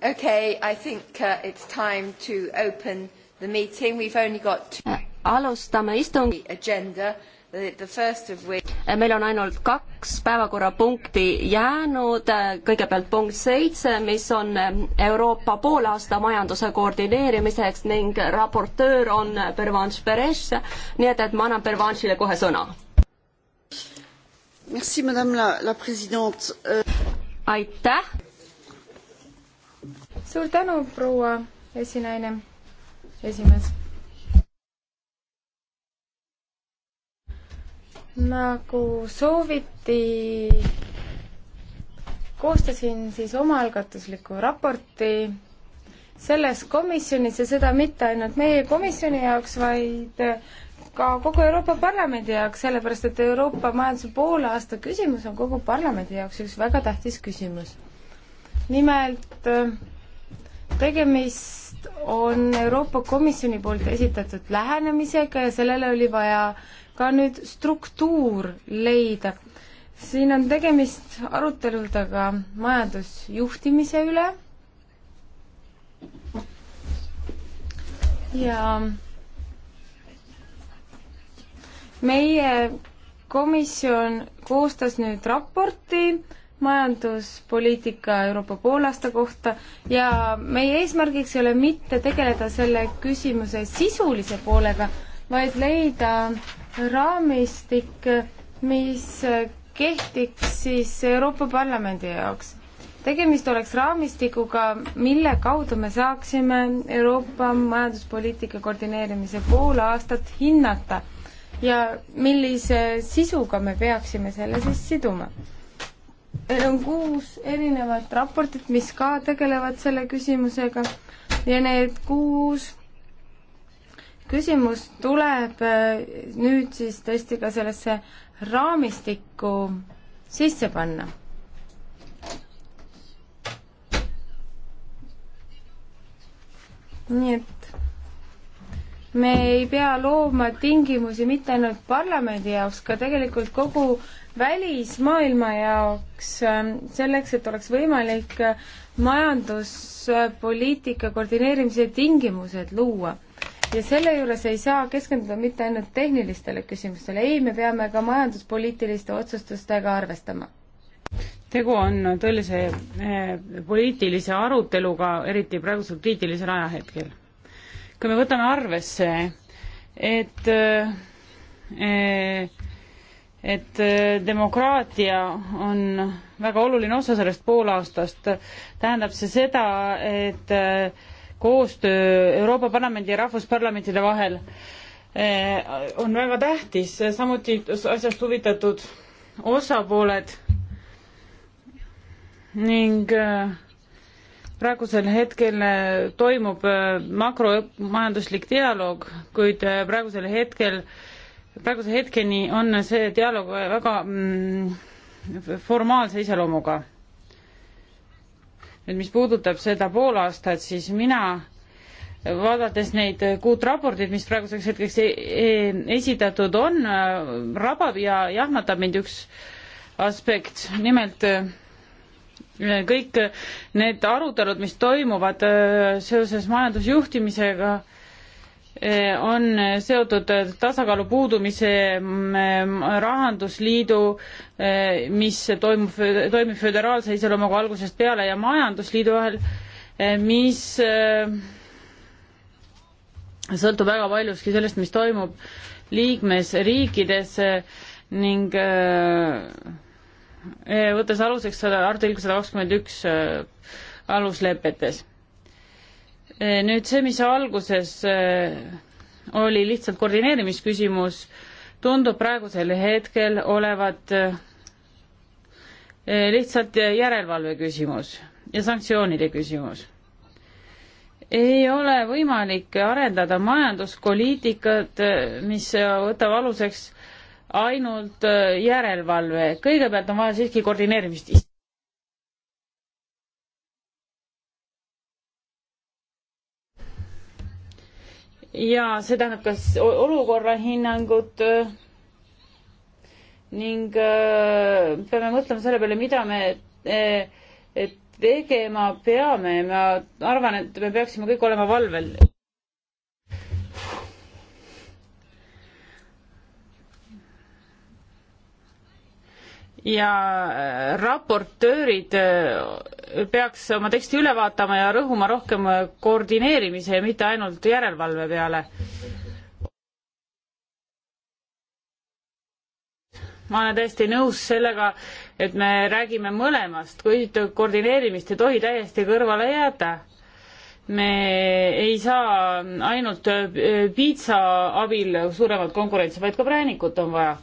Okay, I think uh, it's time to open the meeting. We've only got two äh, alustame istungi agenda, the first of which äh, meil on ainult kaks päevakorrapunkti jäänud, äh, kõigepealt punkt seitse, mis on ähm, Euroopa poolaasta majanduse koordineerimiseks ning raportöör on Pervanš Perez, nii et, et ma annan Pervanšile kohe sõna. aitäh suur tänu, proua esinaine, esimees. nagu sooviti, koostasin siis omaalgatusliku raporti selles komisjonis ja seda mitte ainult meie komisjoni jaoks, vaid ka kogu Euroopa Parlamendi jaoks, sellepärast et Euroopa majanduse poolaasta küsimus on kogu parlamendi jaoks üks väga tähtis küsimus. nimelt tegemist on Euroopa Komisjoni poolt esitatud lähenemisega ja sellele oli vaja ka nüüd struktuur leida. siin on tegemist aruteludega majandusjuhtimise üle ja meie komisjon koostas nüüd raporti majanduspoliitika Euroopa poolaasta kohta ja meie eesmärgiks ei ole mitte tegeleda selle küsimuse sisulise poolega, vaid leida raamistik, mis kehtiks siis Euroopa Parlamendi jaoks. tegemist oleks raamistikuga, mille kaudu me saaksime Euroopa majanduspoliitika koordineerimise pool aastat hinnata ja millise sisuga me peaksime selle siis siduma meil on kuus erinevat raportit, mis ka tegelevad selle küsimusega ja need kuus küsimust tuleb äh, nüüd siis tõesti ka sellesse raamistikku sisse panna nii et me ei pea looma tingimusi mitte ainult parlamendi jaoks, ka tegelikult kogu välismaailma jaoks, ähm, selleks, et oleks võimalik äh, majanduspoliitika koordineerimise tingimused luua. ja selle juures ei saa keskenduda mitte ainult tehnilistele küsimustele, ei, me peame ka majanduspoliitiliste otsustustega arvestama tegu on tõelise eh, poliitilise aruteluga, eriti praegusel kriitilisel ajahetkel kui me võtame arvesse, et eh, et eh, demokraatia on väga oluline osa sellest poolaastast, tähendab see seda, et eh, koostöö Euroopa Parlamendi ja Rahvusparlamentide vahel on väga tähtis, samuti asjast huvitatud osapooled ning äh, praegusel hetkel äh, toimub äh, makromajanduslik dialoog, kuid äh, praegusel hetkel, praeguse hetkeni on see dialoog väga mm, formaalse iseloomuga. nüüd, mis puudutab seda pool aastat, siis mina vaadates neid kuut raportit, mis praeguseks hetkeks e e esitatud on, rabab ja jahmatab mind üks aspekt, nimelt kõik need arutelud, mis toimuvad äh, seoses majandusjuhtimisega, äh, on seotud tasakaalu puudumise mm, rahandusliidu, äh, mis toimub, toimib föderaalse iseloomuga algusest peale ja majandusliidu vahel, mis sõltub väga paljuski sellest, mis toimub liikmesriikides ning äh, Eh, võttes aluseks sada, artikkel sada kakskümmend üks eh, aluslepetes. Eh, nüüd see, mis alguses oli lihtsalt koordineerimisküsimus, tundub praegusel hetkel olevat lihtsalt järelevalve küsimus ja sanktsioonide küsimus. ei ole võimalik arendada majanduspoliitikat, mis võtab aluseks ainult äh, järelevalve, kõigepealt on vaja siiski koordineerimist. ja see tähendab kas olukorra hinnangut äh, ning äh, peame mõtlema selle peale, mida me tegema peame, ma arvan, et me peaksime kõik olema valvel ja äh, raportöörid äh, peaks oma teksti üle vaatama ja rõhuma rohkem äh, koordineerimise ja mitte ainult järelevalve peale. ma olen täiesti nõus sellega, et me räägime mõlemast, kuid koordineerimist ei tohi täiesti kõrvale jääda. me ei saa ainult piitsa abil suuremat konkurentsi, vaid ka präänikut on vaja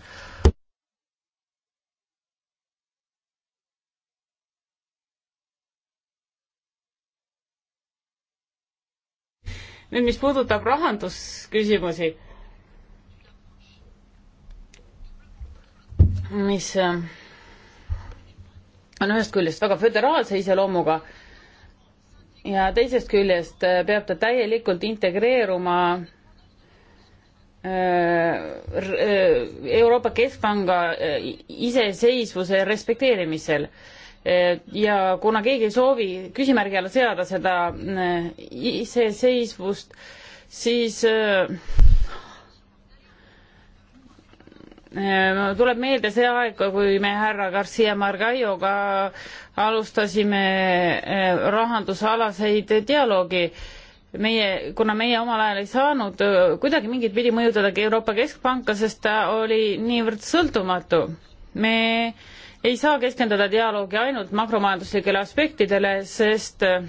nüüd, mis puudutab rahandusküsimusi, mis äh, on ühest küljest väga föderaalse iseloomuga ja teisest küljest äh, peab ta täielikult integreeruma äh, Euroopa Keskpanga iseseisvuse respekteerimisel ja kuna keegi ei soovi küsimärgi alla seada seda eh, iseseisvust, siis eh, tuleb meelde see aeg, kui me härra Garcia Margalloga alustasime eh, rahandusalaseid dialoogi. meie, kuna meie omal ajal ei saanud kuidagi mingit pidi mõjutada Euroopa Keskpanka, sest ta oli niivõrd sõltumatu. me äh, ei saa keskenduda dialoogi ainult makromajanduslikele aspektidele, sest äh,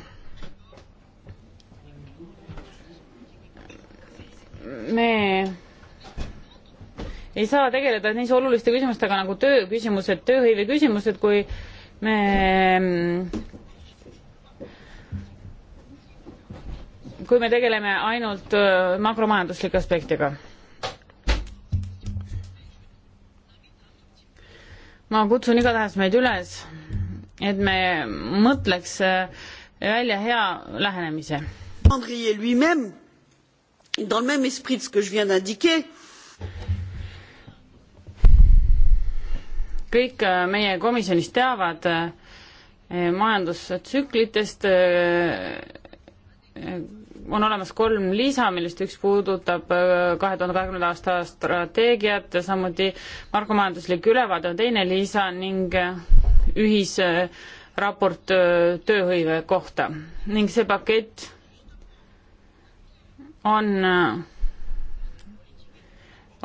me ei saa tegeleda nii oluliste küsimustega nagu töö küsimused, tööhõive küsimused, kui me kui me tegeleme ainult äh, makromajanduslike aspektiga ma kutsun igatahes meid üles, et me mõtleks äh, välja hea lähenemise. Andrier lui-même, dans le même esprit de ce que je viens d'indiquer. kõik äh, meie komisjonis teavad äh, majandustsüklitest on olemas kolm lisa, millest üks puudutab äh, kahe tuhande kahekümnenda aasta strateegiat, samuti makromajanduslik ülevaade on teine lisa ning äh, ühisraport äh, tööhõive kohta ning see pakett on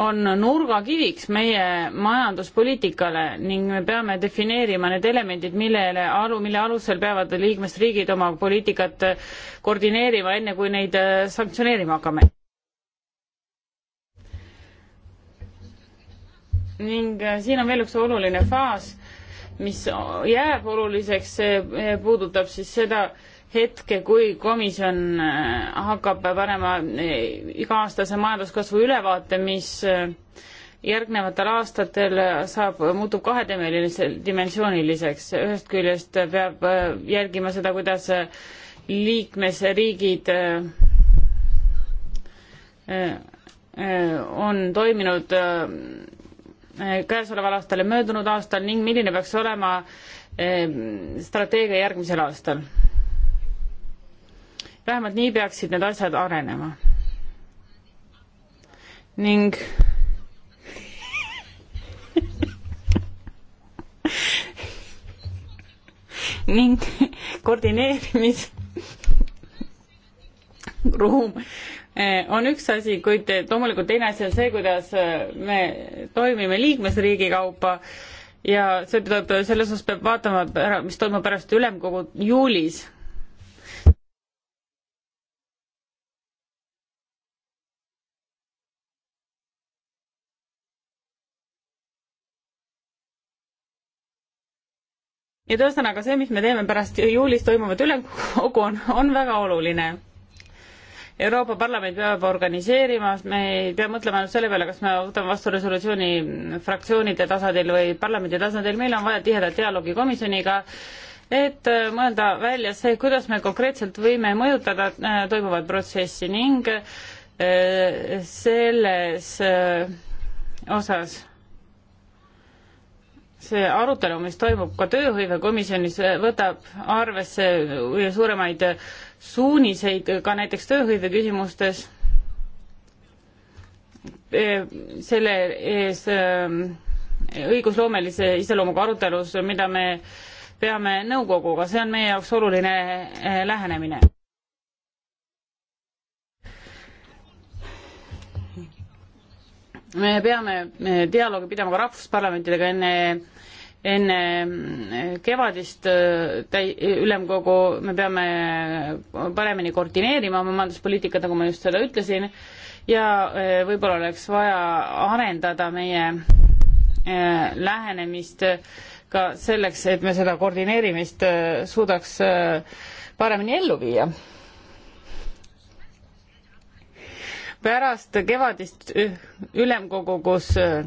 on nurgakiviks meie majanduspoliitikale ning me peame defineerima need elemendid, millele alu, mille alusel peavad liikmesriigid oma poliitikat koordineerima, enne kui neid äh, sanktsioneerima hakkame. ning äh, siin on veel üks oluline faas, mis jääb oluliseks, see äh, puudutab siis seda, hetke, kui komisjon äh, hakkab panema äh, iga-aastase majanduskasvu ülevaate, mis äh, järgnevatel aastatel saab, muutub kahedimensiooniliseks, ühest küljest peab jälgima seda, kuidas liikmesriigid on toiminud käesoleval aastal ja möödunud aastal ning milline peaks olema strateegia järgmisel aastal vähemalt nii peaksid need asjad arenema. ning ning koordineerimis ruum eh, on üks asi, kuid loomulikult teine asi on see, kuidas eh, me toimime liikmesriigi kaupa ja seetõttu selles osas peab vaatama, mis toimub pärast ülemkogu juulis et ühesõnaga see, mis me teeme pärast juulis toimuvat ülemkogu on, on väga oluline. Euroopa Parlament peab organiseerima, me ei pea mõtlema ainult selle peale, kas me võtame vastu resolutsiooni fraktsioonide tasandil või parlamendi tasandil, meil on vaja tihedat dialoogi komisjoniga, et äh, mõelda välja see, kuidas me konkreetselt võime mõjutada äh, toimuvat protsessi ning äh, selles osas see arutelu, mis toimub ka tööhõivekomisjonis, võtab arvesse suuremaid suuniseid ka näiteks tööhõive küsimustes. selle ees ähm, õigusloomelise iseloomuga arutelus, mida me peame nõukoguga, see on meie jaoks oluline äh, lähenemine. me peame dialoogi pidama ka rahvusparlamentidega enne enne eh, kevadist eh, täi-, ülemkogu me peame paremini koordineerima oma majanduspoliitikat, nagu ma just seda ütlesin, ja eh, võib-olla oleks vaja arendada meie lähenemist ka selleks, et me seda koordineerimist suudaks paremini ellu viia pärast kevadist eh, ülemkogu, kus eh,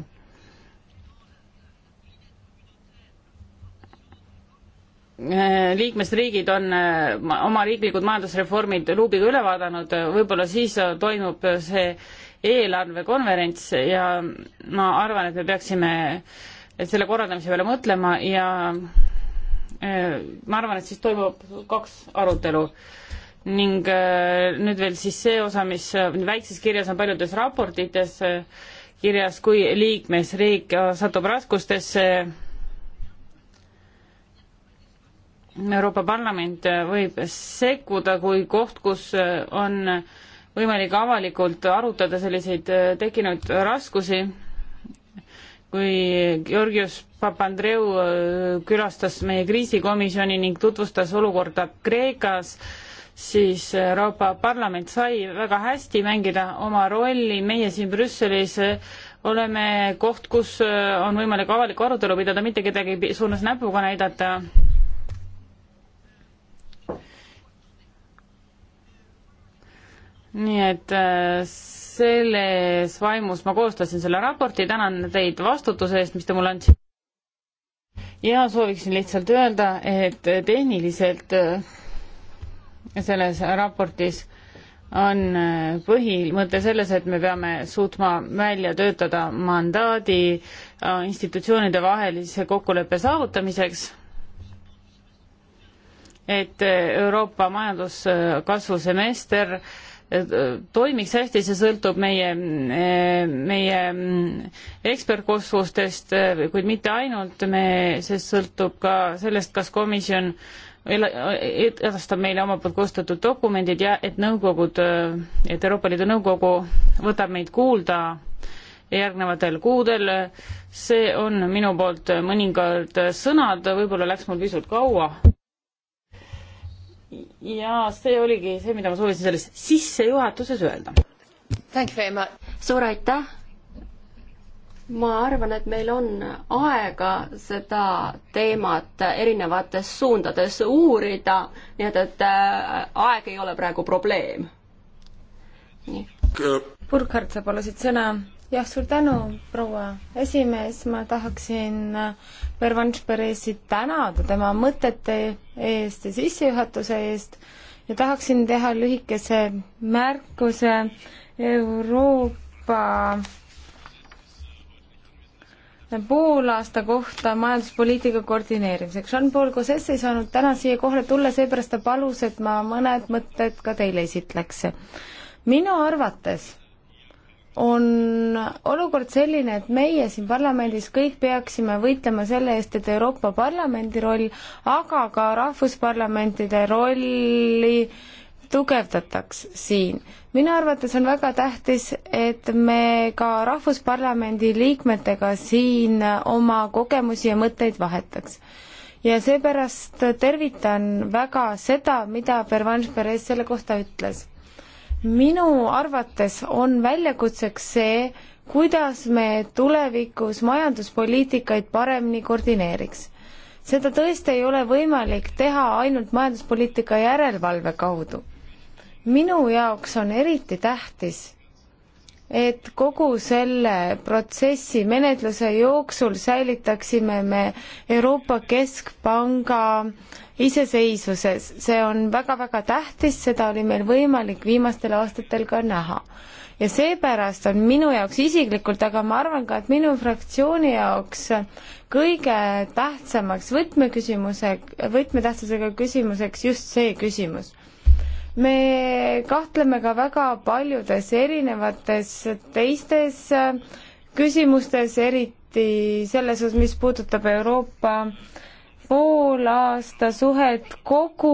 liikmesriigid on eh, oma riiklikud majandusreformid luubiga üle vaadanud, võib-olla siis toimub see eelarvekonverents ja ma arvan, et me peaksime selle korraldamise peale mõtlema ja ma arvan, et siis toimub kaks arutelu ning äh, nüüd veel siis see osa, mis äh, väikses kirjas on paljudes raportites äh, kirjas, kui liikmesriik satub raskustesse, Euroopa Parlament võib sekkuda kui koht, kus on võimalik avalikult arutada selliseid tekkinud raskusi. kui Georgios Papandreou külastas meie kriisikomisjoni ning tutvustas olukorda Kreekas, siis Euroopa Parlament sai väga hästi mängida oma rolli, meie siin Brüsselis eh, oleme koht, kus eh, on võimalik avalikku arutelu pidada, mitte kedagi suunas näpuga näidata. nii et eh, selles vaimus ma koostasin selle raporti, tänan teid vastutuse eest, mis te mulle andsite. ja sooviksin lihtsalt öelda, et tehniliselt selles raportis on äh, põhimõte selles, et me peame suutma välja töötada mandaadi äh, institutsioonide vahelise kokkuleppe saavutamiseks, et äh, Euroopa majanduskasvu semester toimiks hästi, see sõltub meie, meie mm, ekspertkoosseisust, kuid mitte ainult, me, see sõltub ka sellest, kas komisjon äh, edastab meile omalt poolt koostatud dokumendid ja et nõukogud, äh, et Euroopa Liidu Nõukogu võtab meid kuulda järgnevatel kuudel. see on minu poolt mõningad sõnad, võib-olla läks mul pisut kaua. ja see oligi see, mida ma soovisin selles sissejuhatuses öelda. suur aitäh ma arvan, et meil on aega seda teemat erinevates suundades uurida, nii et, et äh, aeg ei ole praegu probleem. nii. Burkhard, sa palusid sõna. jah, suur tänu, proua esimees, ma tahaksin Pervanš äh, Perezit tänada tema mõtete eest ja sissejuhatuse eest ja tahaksin teha lühikese märkuse Euroopa poolaasta kohta majanduspoliitika koordineerimiseks. Jean-Paul Gosses ei saanud täna siia kohale tulla, seepärast ta palus, et ma mõned mõtted ka teile esitleks. minu arvates on olukord selline, et meie siin parlamendis kõik peaksime võitlema selle eest, et Euroopa Parlamendi roll, aga ka rahvusparlamentide rolli äh, tugevdataks siin. minu arvates on väga tähtis, et me ka Rahvusparlamendi liikmetega siin oma kogemusi ja mõtteid vahetaks. ja seepärast tervitan väga seda, mida Pervanš Perez selle kohta ütles. minu arvates on väljakutseks see, kuidas me tulevikus majanduspoliitikaid paremini koordineeriks seda tõesti ei ole võimalik teha ainult majanduspoliitika järelevalve kaudu minu jaoks on eriti tähtis, et kogu selle protsessi menetluse jooksul säilitaksime me Euroopa Keskpanga iseseisvuses. see on väga-väga tähtis, seda oli meil võimalik viimastel aastatel ka näha. ja seepärast on minu jaoks isiklikult, aga ma arvan ka, et minu fraktsiooni jaoks kõige tähtsamaks võtmeküsimuse, võtmetähtsusega küsimuseks just see küsimus me kahtleme ka väga paljudes erinevates teistes äh, küsimustes, eriti selles osas, mis puudutab Euroopa poolaasta suhet kogu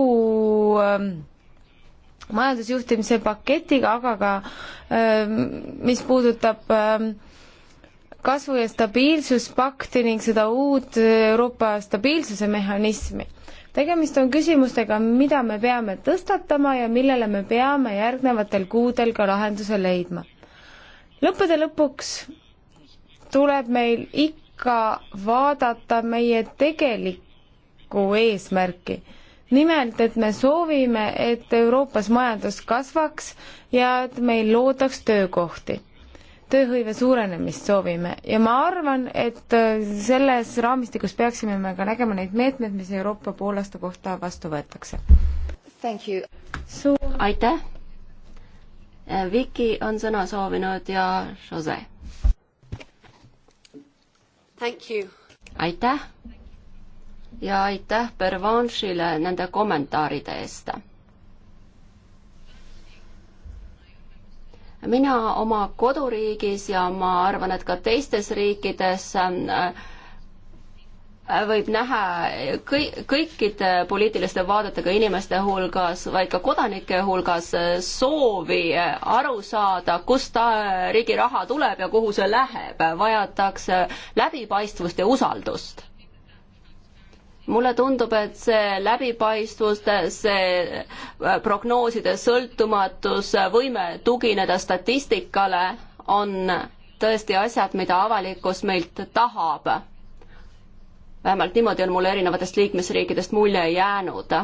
ähm, majandusjuhtimise paketiga, aga ka ähm, mis puudutab ähm, kasvu- ja stabiilsuspakti ning seda uut Euroopa stabiilsuse mehhanismi tegemist on küsimustega, mida me peame tõstatama ja millele me peame järgnevatel kuudel ka lahenduse leidma. lõppude lõpuks tuleb meil ikka vaadata meie tegelikku eesmärki nimelt, et me soovime, et Euroopas majandus kasvaks ja et meil loodaks töökohti tööhõive suurenemist soovime ja ma arvan, et äh, selles raamistikus peaksime me ka nägema neid meetmeid, mis Euroopa poolaasta kohta vastu võetakse. suur aitäh! Äh, Viki on sõna soovinud ja Jose. aitäh ja aitäh Pervanšile nende kommentaaride eest mina oma koduriigis ja ma arvan, et ka teistes riikides äh, võib näha kõik, kõikide poliitiliste vaadetega inimeste hulgas, vaid ka kodanike hulgas soovi aru saada, kust ta riigi raha tuleb ja kuhu see läheb, vajatakse läbipaistvust ja usaldust mulle tundub, et see läbipaistvus, see äh, prognooside sõltumatus, võime tugineda statistikale, on tõesti asjad, mida avalikkus meilt tahab. vähemalt niimoodi on mulle erinevatest liikmesriikidest mulje jäänud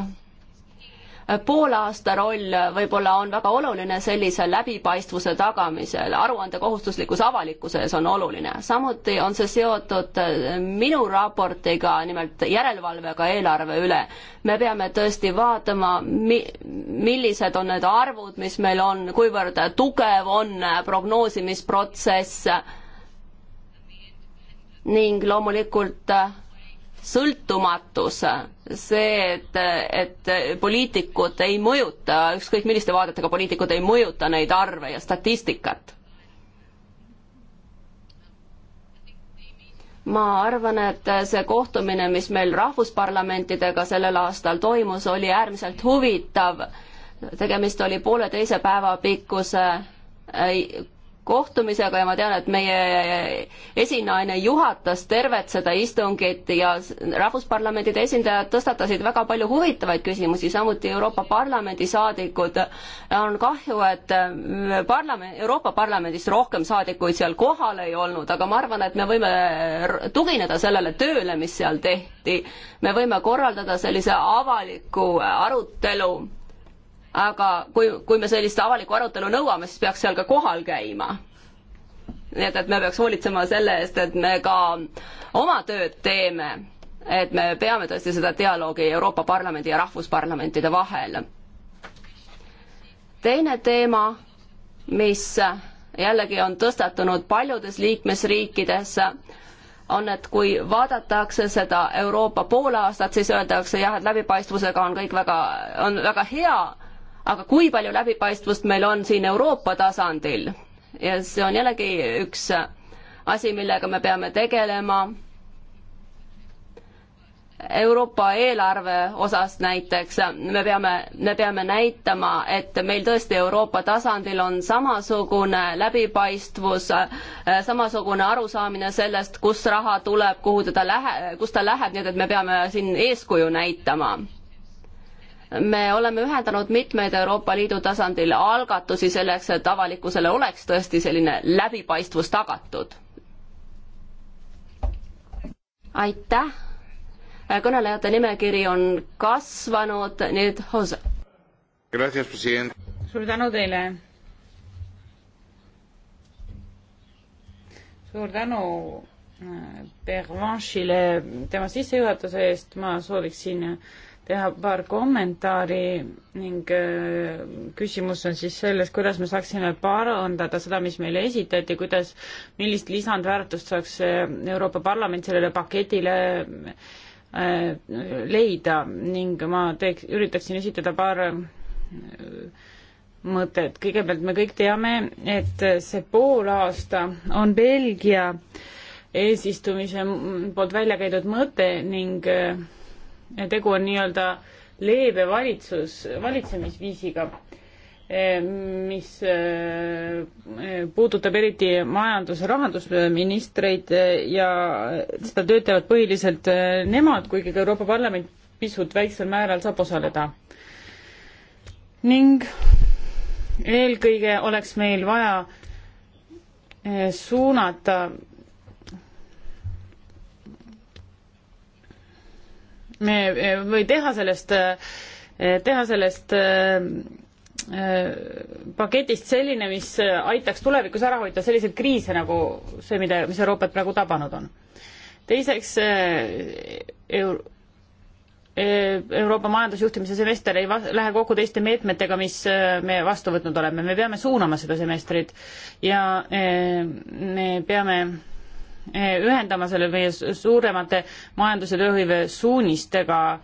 poolaasta roll võib-olla on väga oluline sellise läbipaistvuse tagamisel, aruandekohustuslikkus avalikkuse ees on oluline. samuti on see seotud äh, minu raportiga, nimelt järelevalvega eelarve üle. me peame tõesti vaatama mi, millised on need arvud, mis meil on, kuivõrd tugev on äh, prognoosimisprotsess ning loomulikult äh, sõltumatus, see, et, et poliitikud ei mõjuta, ükskõik milliste vaadetega poliitikud ei mõjuta neid arve ja statistikat. ma arvan, et see kohtumine, mis meil rahvusparlamentidega sellel aastal toimus, oli äärmiselt huvitav. tegemist oli pooleteise päeva pikkuse kohtumisega ja ma tean, et meie esinaine juhatas tervet seda istungit ja rahvusparlamendide esindajad tõstatasid väga palju huvitavaid küsimusi, samuti Euroopa Parlamendi saadikud. on kahju, et äh, parlament, Euroopa Parlamendist rohkem saadikuid seal kohal ei olnud, aga ma arvan, et me võime tugineda sellele tööle, mis seal tehti. me võime korraldada sellise avaliku arutelu aga kui, kui me sellist avalikku arutelu nõuame, siis peaks seal ka kohal käima. nii et, et me peaks hoolitsema selle eest, et me ka oma tööd teeme, et me peame tõesti seda dialoogi Euroopa Parlamendi ja rahvusparlamentide vahel. teine teema, mis jällegi on tõstatunud paljudes liikmesriikides, on, et kui vaadatakse seda Euroopa poolaastat, siis öeldakse jah, et läbipaistvusega on kõik väga, on väga hea, aga kui palju läbipaistvust meil on siin Euroopa tasandil ja see on jällegi üks asi, millega me peame tegelema. Euroopa eelarve osas näiteks me peame, me peame näitama, et meil tõesti Euroopa tasandil on samasugune läbipaistvus, samasugune arusaamine sellest, kus raha tuleb, kuhu teda lähe-, kus ta läheb, nii et me peame siin eeskuju näitama me oleme ühendanud mitmeid Euroopa Liidu tasandil algatusi selleks, et avalikkusele oleks tõesti selline läbipaistvus tagatud. aitäh. kõnelejate nimekiri on kasvanud, nii et Jose. suur tänu teile. suur tänu äh, Pervanchile tema sissejuhatuse eest, ma sooviksin äh, teha paar kommentaari ning äh, küsimus on siis selles, kuidas me saaksime parandada seda, mis meile esitati, kuidas, millist lisandväärtust saaks äh, Euroopa Parlament sellele paketile äh, leida ning ma teeks, üritaksin esitada paar mõtet. kõigepealt me kõik teame, et see poolaasta on Belgia eesistumise poolt välja käidud mõte ning äh, tegu on nii-öelda leebe valitsus, valitsemisviisiga, eh, mis eh, eh, puudutab eriti majandus- ja rahandusministreid ja seda tööd teevad põhiliselt nemad, kuigi ka Euroopa Parlament pisut väiksel määral saab osaleda. ning eelkõige oleks meil vaja suunata me või teha sellest, teha sellest äh, äh, paketist selline, mis aitaks tulevikus ära hoida selliseid kriise nagu see, mida, mis Euroopat praegu tabanud on. teiseks äh, Euro, Euroopa majandusjuhtimise semester ei lähe kokku teiste meetmetega, mis me vastu võtnud oleme, me peame suunama seda semestrit ja me peame ühendama selle meie suuremate majandus- ja tööhõive suunistega,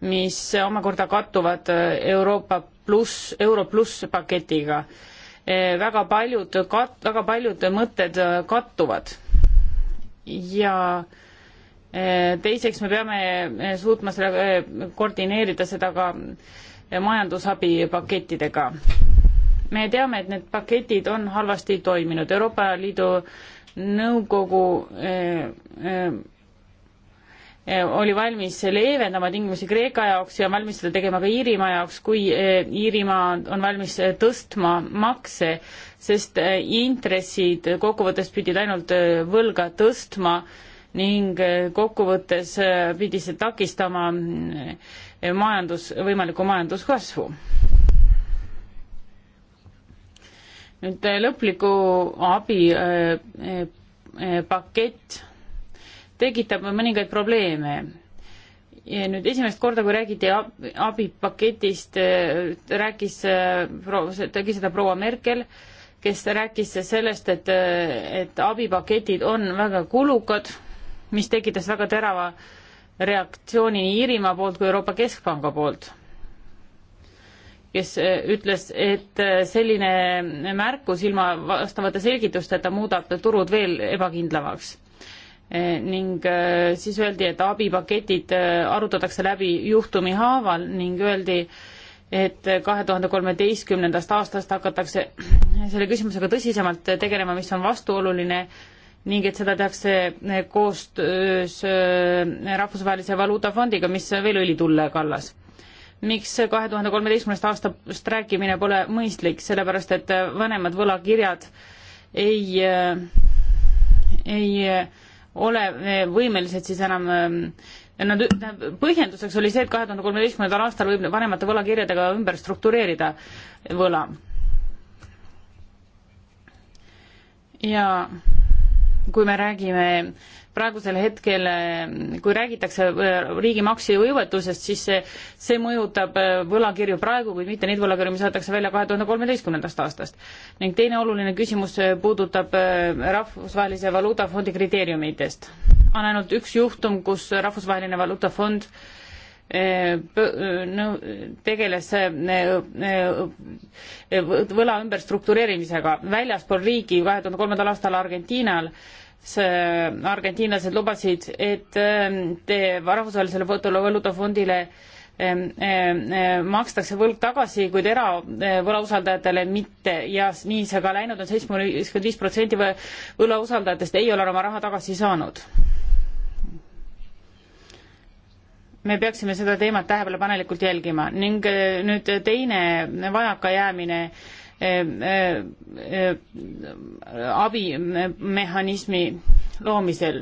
mis omakorda kattuvad äh, Euroopa pluss, Euro pluss paketiga. Äh, väga paljud kat-, väga paljud mõtted äh, kattuvad. ja teiseks me peame suutma selle, koordineerida seda ka majandusabipakettidega. me teame, et need paketid on halvasti toiminud, Euroopa Liidu nõukogu eh, eh, eh, oli valmis leevendama tingimusi Kreeka jaoks ja on valmis seda tegema ka Iirimaa jaoks, kui eh, Iirimaa on valmis tõstma makse, sest eh, intressid kokkuvõttes pidid ainult eh, võlga tõstma ning kokkuvõttes pidi see takistama mm, majandus, võimalikku majanduskasvu nüüd äh, lõpliku abi äh, äh, pakett tekitab mõningaid probleeme. ja nüüd esimest korda, kui räägiti abipaketist, rääkis, tegi seda proua Merkel, kes rääkis sellest, et, et abipaketid on väga kulukad, mis tekitas väga terava reaktsiooni nii Iirimaa poolt kui Euroopa Keskpanga poolt kes äh, ütles, et äh, selline märkus ilma vastavate selgitusteta muudab turud veel ebakindlamaks. Äh, ning siis öeldi, et abipaketid arutatakse läbi juhtumi haaval ning öeldi, et kahe tuhande kolmeteistkümnendast aastast hakatakse selle küsimusega tõsisemalt tegelema, mis on vastuoluline ning et seda tehakse koostöös Rahvusvahelise Valuutafondiga, mis veel õli tulle kallas miks kahe tuhande kolmeteistkümnest aastast rääkimine pole mõistlik, sellepärast et vanemad võlakirjad ei, ei ole võimelised siis enam Nad, põhjenduseks oli see, et kahe tuhande kolmeteistkümnendal aastal võib vanemate võlakirjadega ümber struktureerida võla. ja kui me räägime äh, praegusel hetkel, kui räägitakse äh, riigi maksejõuetusest, siis see, see mõjutab äh, võlakirju praegu, kuid mitte neid võlakirju, mis antakse välja kahe tuhande kolmeteistkümnendast aastast. ning teine oluline küsimus äh, puudutab Rahvusvahelise Valuutafondi kriteeriumidest. on ainult üks juhtum, kus Rahvusvaheline Valuutafond tegeles võla ümberstruktureerimisega väljaspool riigi kahe tuhande kolmandal aastal Argentiinal argentiinlased lubasid, et ähm, te rahvusvahelisele võlutafondile ähm, ähm, äh, makstakse võlg tagasi, kuid eravõlausaldajatele äh, mitte ja nii see ka läinud on, seitsekümmend viis protsenti võlausaldajatest ei ole oma raha tagasi saanud. me peaksime seda teemat tähelepanelikult jälgima ning äh, nüüd teine vajakajäämine abimehhanismi loomisel.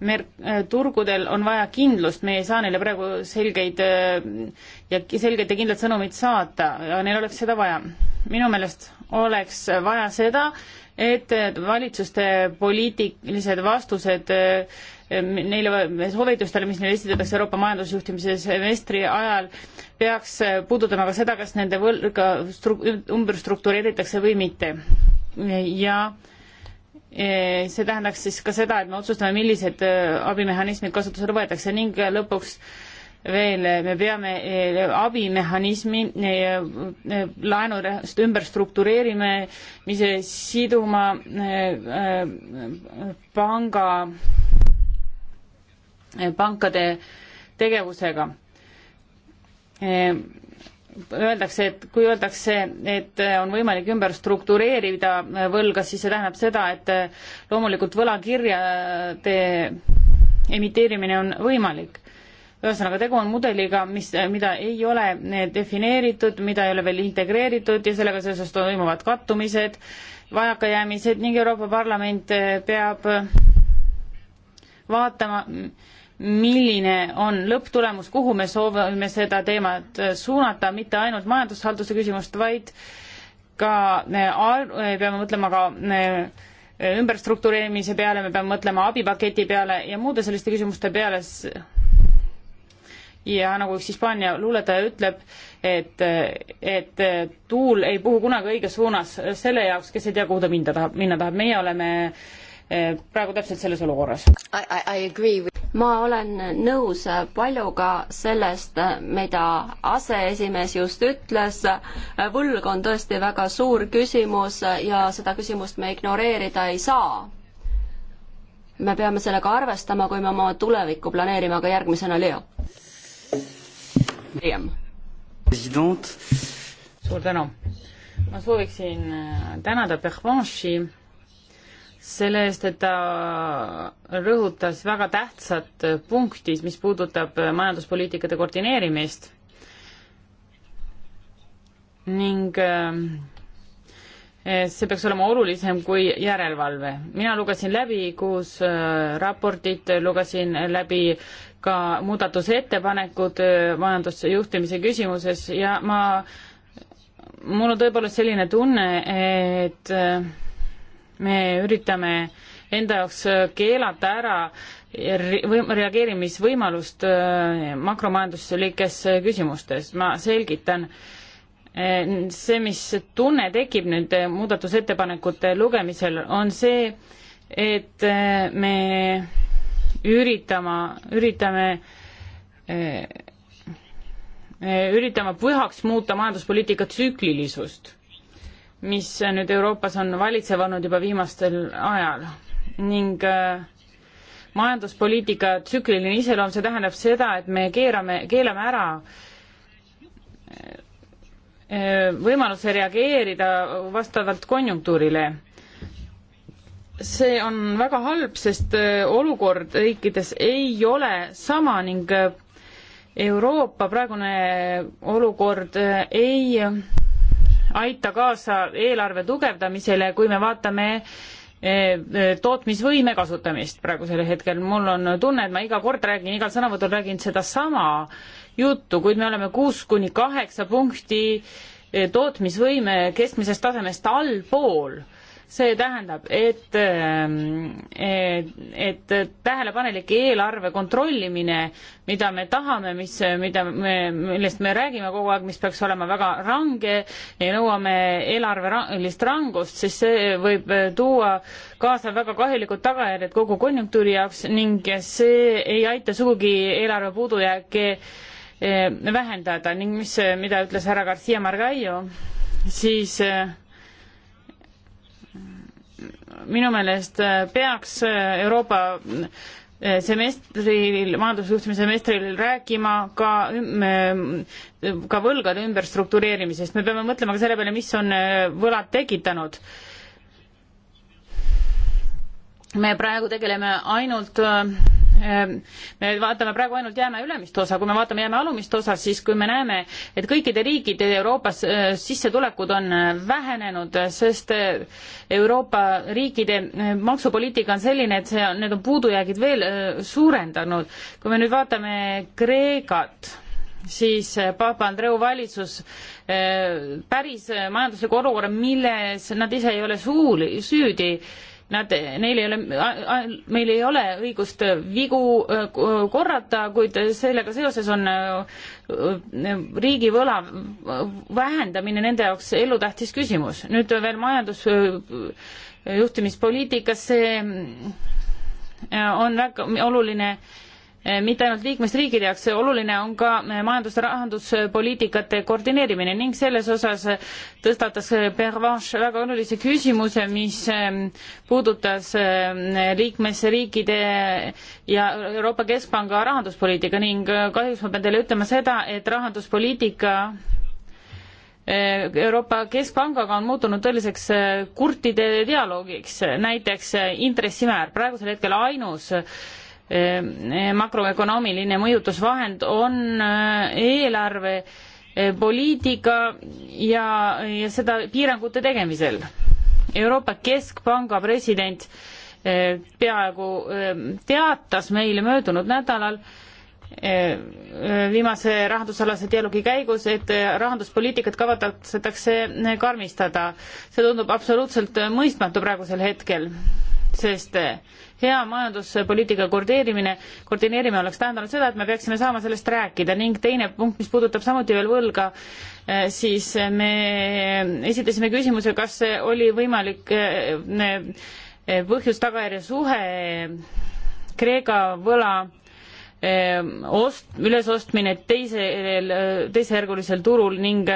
Mer-, turgudel on vaja kindlust, me ei saa neile praegu selgeid ja selgeid ja kindlaid sõnumeid saata ja neil oleks seda vaja minu meelest oleks vaja seda, et valitsuste poliitilised vastused eh, neile soovitustele, mis neile esitatakse Euroopa majandusjuhtimise semestri ajal, peaks eh, puudutama ka seda, kas nende võlga ümber struktureeritakse või mitte. ja eh, see tähendaks siis ka seda, et me otsustame, millised abimehhanismid kasutusele võetakse ning lõpuks äh, veel, me peame eh, abimehhanismi eh, eh, laenurahast ümber struktureerima, mis siduma panga, pankade tegevusega. Öeldakse, et kui öeldakse, et on võimalik ümber struktureerida võlga, siis see tähendab seda, et loomulikult võlakirjade emiteerimine on võimalik ühesõnaga, tegu on mudeliga, mis, mida ei ole defineeritud, mida ei ole veel integreeritud ja sellega seoses toimuvad kattumised, vajakajäämised ning Euroopa Parlament eh, peab vaatama, milline on lõpptulemus, kuhu me soovime seda teemat eh, suunata, mitte ainult majandushalduse küsimust, vaid ka eh, peame mõtlema ka ümberstruktureerimise peale, me peame mõtlema abipaketi peale ja muude selliste küsimuste peale ja nagu üks Hispaania luuletaja ütleb, et, et tuul ei puhu kunagi õiges suunas selle jaoks, kes ei tea, kuhu ta minna tahab, minna tahab, meie oleme eh, praegu täpselt selles olukorras. With... ma olen nõus paljuga sellest, mida aseesimees just ütles, võlg on tõesti väga suur küsimus ja seda küsimust me ignoreerida ei saa me peame sellega arvestama, kui me oma tulevikku planeerime, aga järgmisena Leo Liam. suur tänu. ma sooviksin äh, tänada Pervenchi selle eest, et ta rõhutas väga tähtsat punkti, mis puudutab äh, majanduspoliitikate koordineerimist ning äh, see peaks olema olulisem kui järelevalve. mina lugesin läbi kuus raportit, lugesin läbi ka muudatusettepanekud äh, majanduse juhtimise küsimuses ja ma, mul on tõepoolest selline tunne, et äh, me üritame enda jaoks äh, keelata ära reageerimisvõimalust makromajanduslikes küsimustes, ma selgitan see, mis tunne tekib nende muudatusettepanekute lugemisel, on see, et me üritama, üritame eh, eh, üritama pühaks muuta majanduspoliitika tsüklilisust, mis nüüd Euroopas on valitsev olnud juba viimastel ajal ning eh, majanduspoliitika tsükliline iseloom, see tähendab seda, et me keerame, keelame ära võimaluse reageerida vastavalt konjunktuurile see on väga halb, sest äh, olukord riikides ei ole sama ning äh, Euroopa praegune olukord äh, ei aita kaasa eelarve tugevdamisele, kui me vaatame tootmisvõime kasutamist praegusel hetkel. mul on tunne, et ma iga kord räägin, igal sõnavõtul räägin sedasama juttu, kuid me oleme kuus kuni kaheksa punkti tootmisvõime keskmisest tasemest allpool see tähendab, et, ähm, et, et tähelepanelik eelarve kontrollimine, mida me tahame, mis, mida me, millest me räägime kogu aeg, mis peaks olema väga range ja nõuame eelarvelist rangust, siis see võib äh, tuua kaasa väga kahjulikud tagajärjed kogu konjunktuuri jaoks ning see ei aita sugugi eelarve puudujääki äh, vähendada ning mis, mida ütles härra Garcia Margallo, siis äh, minu meelest peaks Euroopa semestril, majandusjuhtimise semestril rääkima ka, ka võlgade ümberstruktureerimisest, me peame mõtlema ka selle peale, mis on võlad tekitanud. me praegu tegeleme ainult Ehm, me vaatame praegu ainult jäämäe ülemist osa, kui me vaatame jäämäe alumist osa, siis kui me näeme, et kõikide riikide Euroopas ehm, sissetulekud on ehm, vähenenud, sest Euroopa riikide maksupoliitika on selline, et see, need on puudujäägid veel suurendanud. kui me nüüd vaatame Kreekat, siis Papandreou valitsus päris majandusliku olukorra, milles nad ise ei ole suuli, süüdi Nad, neil ei ole, meil ei ole õigust vigu korrata, kuid sellega seoses on riigivõla vähendamine nende jaoks elutähtis küsimus. nüüd veel majandusjuhtimispoliitikas, see on väga oluline äh, Eh, mitte ainult liikmesriigide jaoks, oluline on ka eh, majandus- ja rahanduspoliitikate koordineerimine ning selles osas eh, tõstatas Pervanche väga olulise küsimuse, mis puudutas liikmesriikide ja Euroopa Keskpanga rahanduspoliitika ning kahjuks ma pean teile ütlema seda, et rahanduspoliitika Euroopa Keskpangaga on muutunud tõeliseks kurtide dialoogiks, näiteks intressimäär, praegusel hetkel ainus Ehm, eh, makroökonoomiline mõjutusvahend on eh, eelarve eh, poliitika ja, ja seda piirangute tegemisel. Euroopa Keskpanga president peaaegu teatas meile möödunud nädalal viimase rahandusalase dialoogi käigus, et rahanduspoliitikat kavatsetakse karmistada. see tundub absoluutselt mõistmatu praegusel hetkel, sest hea majanduspoliitika koordineerimine, koordineerimine oleks tähendanud seda, et me peaksime saama sellest rääkida ning teine punkt, mis puudutab samuti veel võlga, eh, siis me esitasime küsimuse, kas see oli võimalik eh, eh, põhjus-tagajärje suhe Kreeka võla ost-, ülesostmine teisel, teisejärgulisel turul ning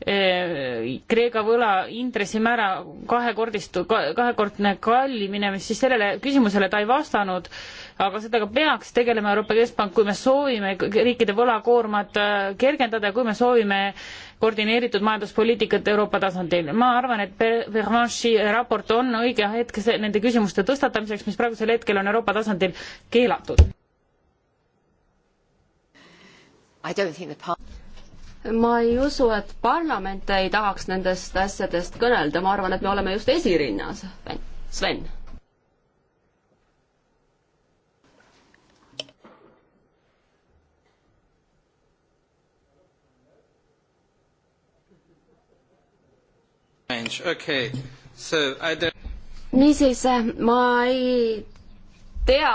Eh, Kreeka võla intressimäära kahekordistu-, kahekordne kallimine, mis siis sellele küsimusele ta ei vastanud, aga sellega peaks tegelema Euroopa Keskpank, kui me soovime riikide võlakoormat äh, kergendada ja kui me soovime koordineeritud majanduspoliitikat Euroopa tasandil. ma arvan, et Vermanchi raport on õige hetk nende küsimuste tõstatamiseks, mis praegusel hetkel on Euroopa tasandil keelatud. I don't think the part ma ei usu, et parlament ei tahaks nendest asjadest kõnelda, ma arvan, et me oleme just esirinnas. Sven. Okay. niisiis, ma ei tea,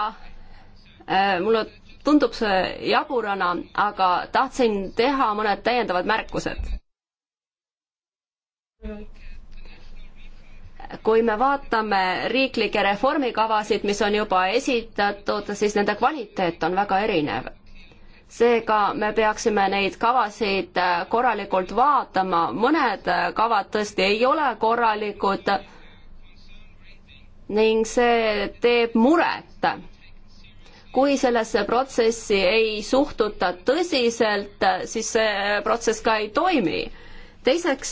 eh, mul on tundub see jaburana, aga tahtsin teha mõned täiendavad märkused. kui me vaatame riiklikke reformikavasid, mis on juba esitatud, siis nende kvaliteet on väga erinev. seega me peaksime neid kavasid korralikult vaatama, mõned kavad tõesti ei ole korralikud ning see teeb muret kui sellesse protsessi ei suhtuta tõsiselt, siis see protsess ka ei toimi. teiseks,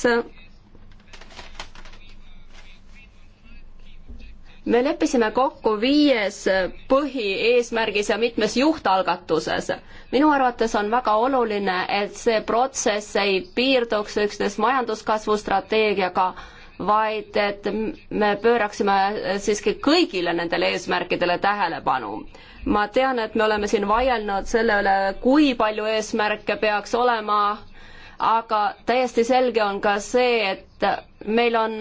me leppisime kokku viies põhieesmärgis ja mitmes juhtalgatuses. minu arvates on väga oluline, et see protsess ei piirduks üksnes majanduskasvu strateegiaga, vaid et me pööraksime siiski kõigile nendele eesmärkidele tähelepanu. ma tean, et me oleme siin vaielnud selle üle, kui palju eesmärke peaks olema, aga täiesti selge on ka see, et meil on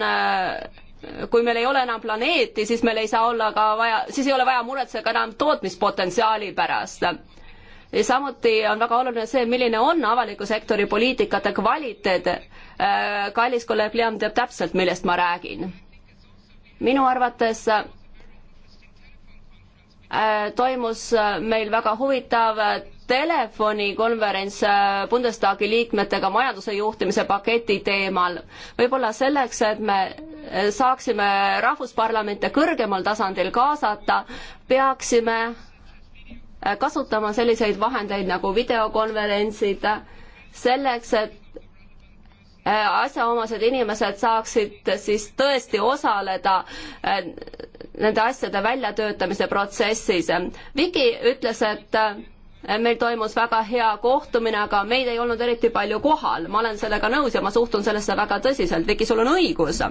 kui meil ei ole enam planeeti, siis meil ei saa olla ka vaja, siis ei ole vaja muretseda enam tootmispotentsiaali pärast. samuti on väga oluline see, milline on avaliku sektori poliitikate kvaliteet Äh, kallis kolleeg Liam teab täpselt, millest ma räägin. minu arvates äh, toimus äh, meil väga huvitav telefonikonverents Bundestagi liikmetega majanduse juhtimise paketi teemal. võib-olla selleks, et me saaksime rahvusparlamente kõrgemal tasandil kaasata, peaksime kasutama selliseid vahendeid nagu videokonverentsid, selleks et Äh, asjaomased inimesed saaksid siis tõesti osaleda äh, nende asjade väljatöötamise protsessis. Viki ütles, et äh, meil toimus väga hea kohtumine, aga meid ei olnud eriti palju kohal. ma olen sellega nõus ja ma suhtun sellesse väga tõsiselt. Viki, sul on õigus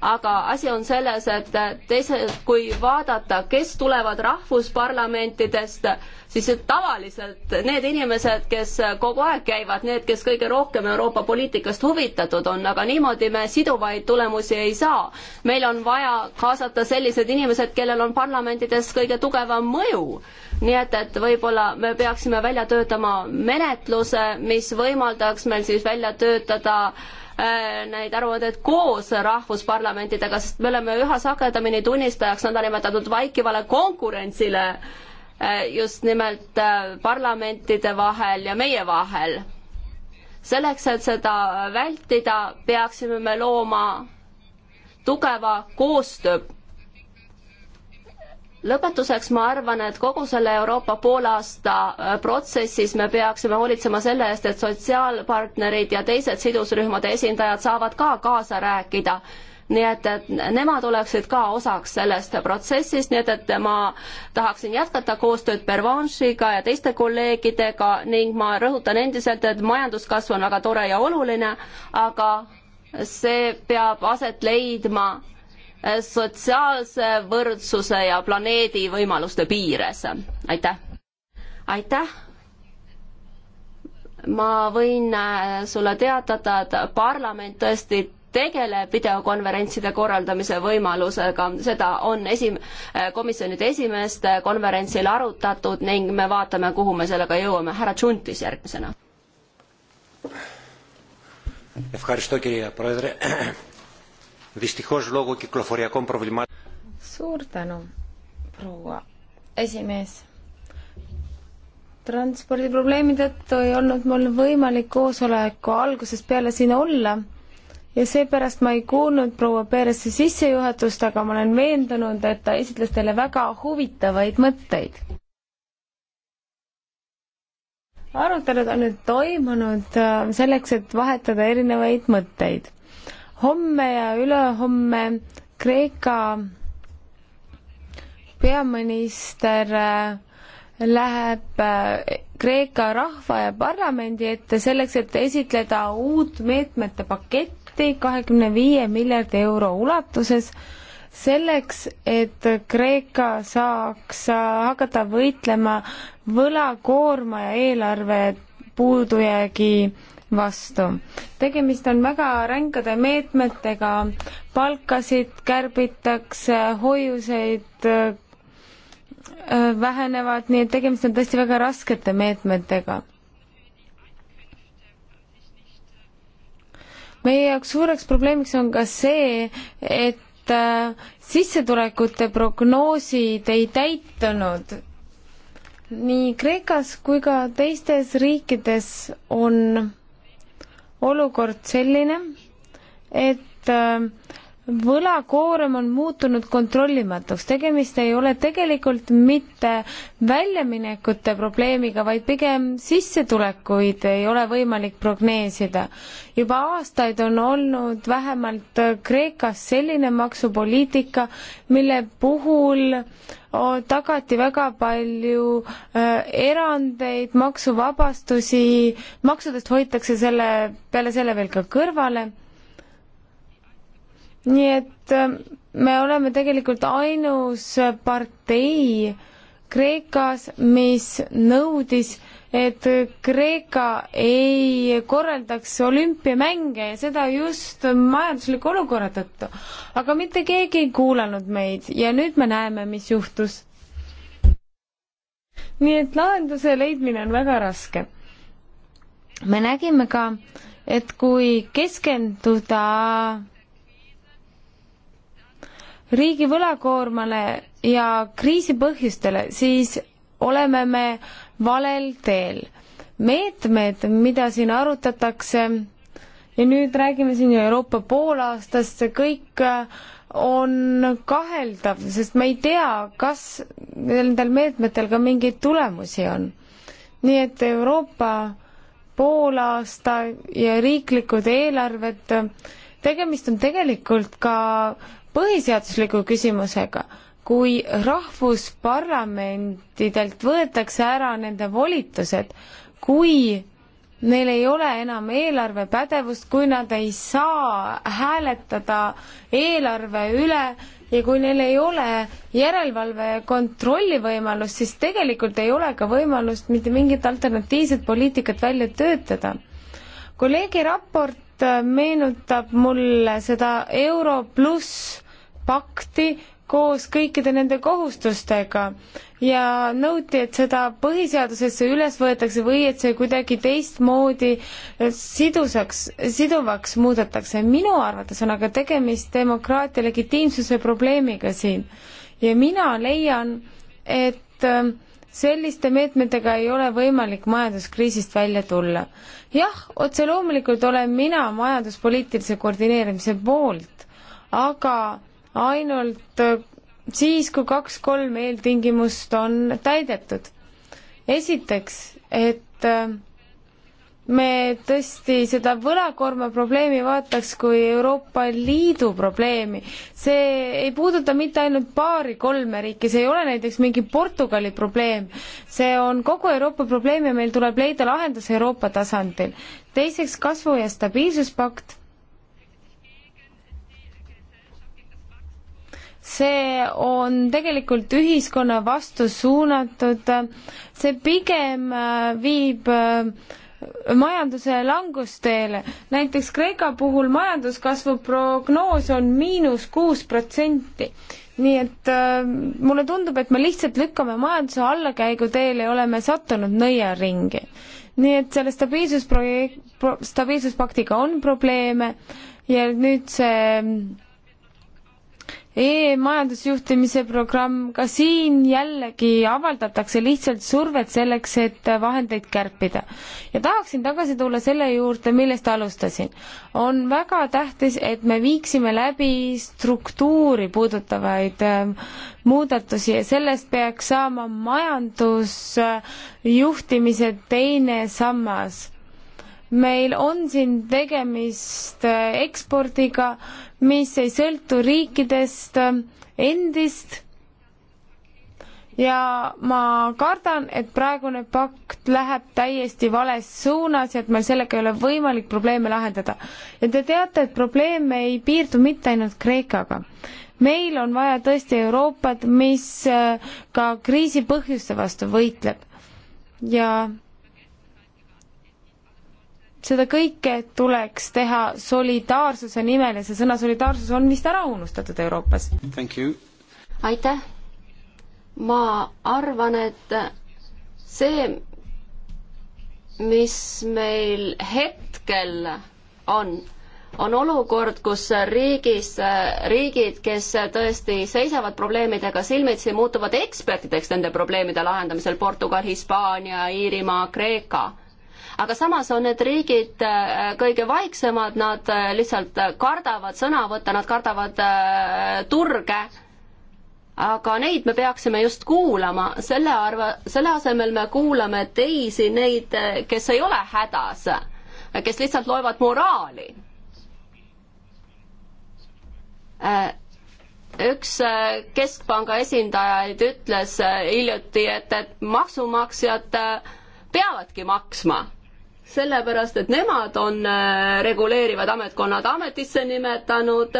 aga asi on selles, et teised, kui vaadata, kes tulevad rahvusparlamentidest, siis tavaliselt need inimesed, kes kogu aeg käivad, need, kes kõige rohkem Euroopa poliitikast huvitatud on, aga niimoodi me siduvaid tulemusi ei saa. meil on vaja kaasata sellised inimesed, kellel on parlamentides kõige tugevam mõju. nii et, et võib-olla me peaksime välja töötama menetluse, mis võimaldaks meil siis välja töötada äh, Äh, neid aruandeid koos rahvusparlamentidega, sest me oleme üha sagedamini tunnistajaks nõndanimetatud vaikivale konkurentsile äh, just nimelt äh, parlamentide vahel ja meie vahel. selleks, et seda vältida, peaksime me looma tugeva koostöö lõpetuseks ma arvan, et kogu selle Euroopa poolaasta äh, protsessis me peaksime hoolitsema selle eest, et sotsiaalpartnerid ja teised sidusrühmade esindajad saavad ka kaasa rääkida. nii et, et nemad oleksid ka osaks sellest protsessist, nii et, et ma tahaksin jätkata koostööd Pervanšiga ja teiste kolleegidega ning ma rõhutan endiselt, et majanduskasv on väga tore ja oluline, aga see peab aset leidma sotsiaalse võrdsuse ja planeedi võimaluste piires. aitäh! aitäh! ma võin äh, sulle teatada, et parlament tõesti tegeleb videokonverentside korraldamise võimalusega, seda on esim-, äh, komisjonide esimeeste äh, konverentsil arutatud ning me vaatame, kuhu me sellega jõuame. härra Tšuntis järgmisena. Δυστυχώς λόγω κυκλοφοριακών προβλημάτων. Suur tänu, proua esimees. transpordiprobleemi tõttu ei olnud mul võimalik koosoleku algusest peale siin olla ja seepärast ma ei kuulnud proua Peeresse sissejuhatust, aga ma olen veendunud, et ta esitles teile väga huvitavaid mõtteid. arutelud on nüüd toimunud selleks, et vahetada erinevaid mõtteid homme ja ülehomme Kreeka peaminister äh, läheb äh, Kreeka rahva ja parlamendi ette selleks, et esitleda uut meetmete paketti kahekümne viie miljardi euro ulatuses, selleks, et Kreeka saaks äh, hakata võitlema võlakoorma ja eelarve puudujäägi vastu. tegemist on väga ränkade meetmetega, palkasid kärbitakse, hoiuseid äh, vähenevad, nii et tegemist on tõesti väga raskete meetmetega meie jaoks suureks probleemiks on ka see, et äh, sissetulekute prognoosid ei täitunud. nii Kreekas kui ka teistes riikides on olukord selline, et äh, võlakoorem on muutunud kontrollimatuks, tegemist ei ole tegelikult mitte väljaminekute probleemiga, vaid pigem sissetulekuid ei ole võimalik progneesida. juba aastaid on olnud vähemalt Kreekas selline maksupoliitika, mille puhul tagati väga palju erandeid, maksuvabastusi, maksudest hoitakse selle, peale selle veel ka kõrvale nii et äh, me oleme tegelikult ainus partei Kreekas, mis nõudis, et Kreeka ei korraldaks olümpiamänge ja seda just majandusliku olukorra tõttu. aga mitte keegi ei kuulanud meid ja nüüd me näeme, mis juhtus. nii et lahenduse leidmine on väga raske. me nägime ka, et kui keskenduda riigi võlakoormale ja kriisi põhjustele, siis oleme me valel teel. meetmed, mida siin arutatakse ja nüüd räägime siin Euroopa poolaastast, see kõik äh, on kaheldav, sest me ei tea, kas nendel meetmetel ka mingeid tulemusi on. nii et Euroopa poolaasta ja riiklikud eelarved, tegemist on tegelikult ka põhiseadusliku küsimusega, kui rahvusparlamentidelt võetakse ära nende volitused, kui neil ei ole enam eelarvepädevust, kui nad ei saa hääletada eelarve üle ja kui neil ei ole järelevalve ja kontrolli võimalust, siis tegelikult ei ole ka võimalust mitte mingit alternatiivset poliitikat välja töötada. kolleegi raport meenutab mulle seda Euro pluss pakti koos kõikide nende kohustustega ja nõuti, et seda põhiseadusesse üles võetakse või et see kuidagi teistmoodi sidusaks, siduvaks muudetakse. minu arvates on aga tegemist demokraatia legitiimsuse probleemiga siin ja mina leian, et äh, selliste meetmetega ei ole võimalik majanduskriisist välja tulla. jah, otse loomulikult olen mina majanduspoliitilise koordineerimise poolt, aga ainult äh, siis, kui kaks-kolm eeltingimust on täidetud. esiteks, et äh, me tõesti seda võlakoorma probleemi vaataks kui Euroopa Liidu probleemi. see ei puuduta mitte ainult paari-kolme riiki, see ei ole näiteks mingi Portugali probleem. see on kogu Euroopa probleem ja meil tuleb leida lahendus Euroopa tasandil. teiseks, kasvu- ja stabiilsuspakt see on tegelikult ühiskonna vastu suunatud, see pigem äh, viib äh, majanduse langusteele. näiteks Kreeka puhul majanduskasvu prognoos on miinus kuus protsenti. nii et äh, mulle tundub, et me lihtsalt lükkame majanduse allakäigu teele ja oleme sattunud nõiaringi. nii et selle stabiilsusprojekt pro,, stabiilsuspaktiga on probleeme ja nüüd see e-majandusjuhtimise programm, ka siin jällegi avaldatakse lihtsalt survet selleks, et vahendeid kärpida. ja tahaksin tagasi tulla selle juurde, millest alustasin. on väga tähtis, et me viiksime läbi struktuuri puudutavaid ähm, muudatusi ja sellest peaks saama majandusjuhtimise teine sammas meil on siin tegemist äh, ekspordiga, mis ei sõltu riikidest äh, endist ja ma kardan, et praegune pakt läheb täiesti vales suunas ja et meil sellega ei ole võimalik probleeme lahendada. ja te teate, et probleem ei piirdu mitte ainult Kreekaga. meil on vaja tõesti Euroopat, mis äh, ka kriisi põhjuste vastu võitleb. ja seda kõike tuleks teha solidaarsuse nimel ja see sõna solidaarsus on vist ära unustatud Euroopas. aitäh! ma arvan, et see, mis meil hetkel on, on olukord, kus riigis, riigid, kes tõesti seisavad probleemidega silmitsi, muutuvad ekspertideks nende probleemide lahendamisel, Portugal, Hispaania, Iirimaa, Kreeka aga samas on need riigid äh, kõige vaiksemad, nad äh, lihtsalt äh, kardavad sõna võtta, nad kardavad turge aga neid me peaksime just kuulama, selle arva, selle asemel me kuulame teisi, neid, kes ei ole hädas, kes lihtsalt loevad moraali. üks keskpanga esindajaid ütles hiljuti, et, et maksumaksjad peavadki maksma sellepärast et nemad on äh, reguleerivad ametkonnad ametisse nimetanud.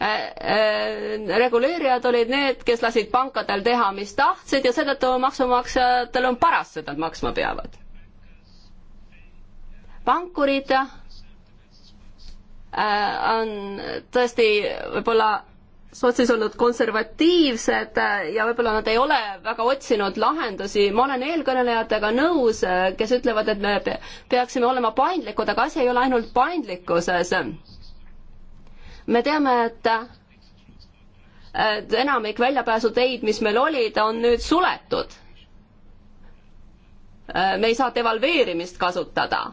Äh, äh, reguleerijad olid need, kes lasid pankadel teha, mis tahtsid ja seetõttu maksumaksjatel on paras, et nad maksma peavad. pankurid on tõesti võib-olla Sotsis olnud konservatiivsed äh, ja võib-olla nad ei ole väga otsinud lahendusi. ma olen eelkõnelejatega nõus, äh, kes ütlevad, et me peaksime olema paindlikud, aga asi ei ole ainult paindlikkuses. me teame, et et enamik väljapääsuteid, mis meil olid, on nüüd suletud. Äh, me ei saa devalveerimist kasutada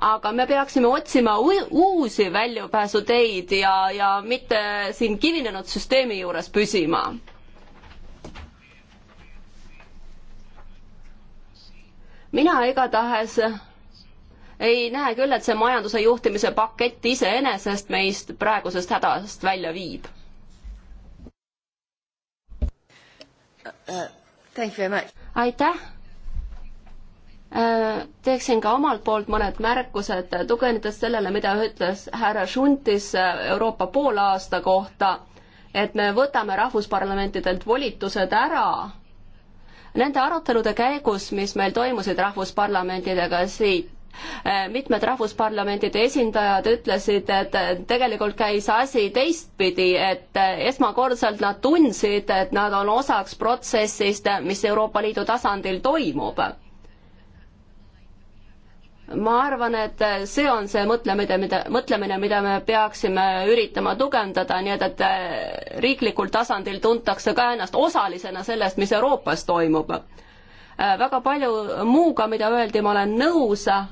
aga me peaksime otsima uusi väljapääsuteid ja, ja mitte siin kivinenud süsteemi juures püsima. mina igatahes ei näe küll, et see majanduse juhtimise pakett iseenesest meist praegusest hädast välja viib uh,. aitäh Äh, teeksin ka omalt poolt mõned märkused, tugevnedes sellele, mida ütles härra Šuntis äh, Euroopa poolaasta kohta, et me võtame rahvusparlamentidelt volitused ära. Nende arutelude käigus, mis meil toimusid rahvusparlamentidega siit, äh, mitmed rahvusparlamentide esindajad ütlesid, et tegelikult käis asi teistpidi, et esmakordselt nad tundsid, et nad on osaks protsessist, mis Euroopa Liidu tasandil toimub ma arvan, et see on see mõtlemine, mida, mõtlemine, mida me peaksime üritama tugevdada, nii et, et äh, riiklikul tasandil tuntakse ka ennast osalisena sellest, mis Euroopas toimub. Äh, väga palju muuga, mida öeldi, ma olen nõus, äh,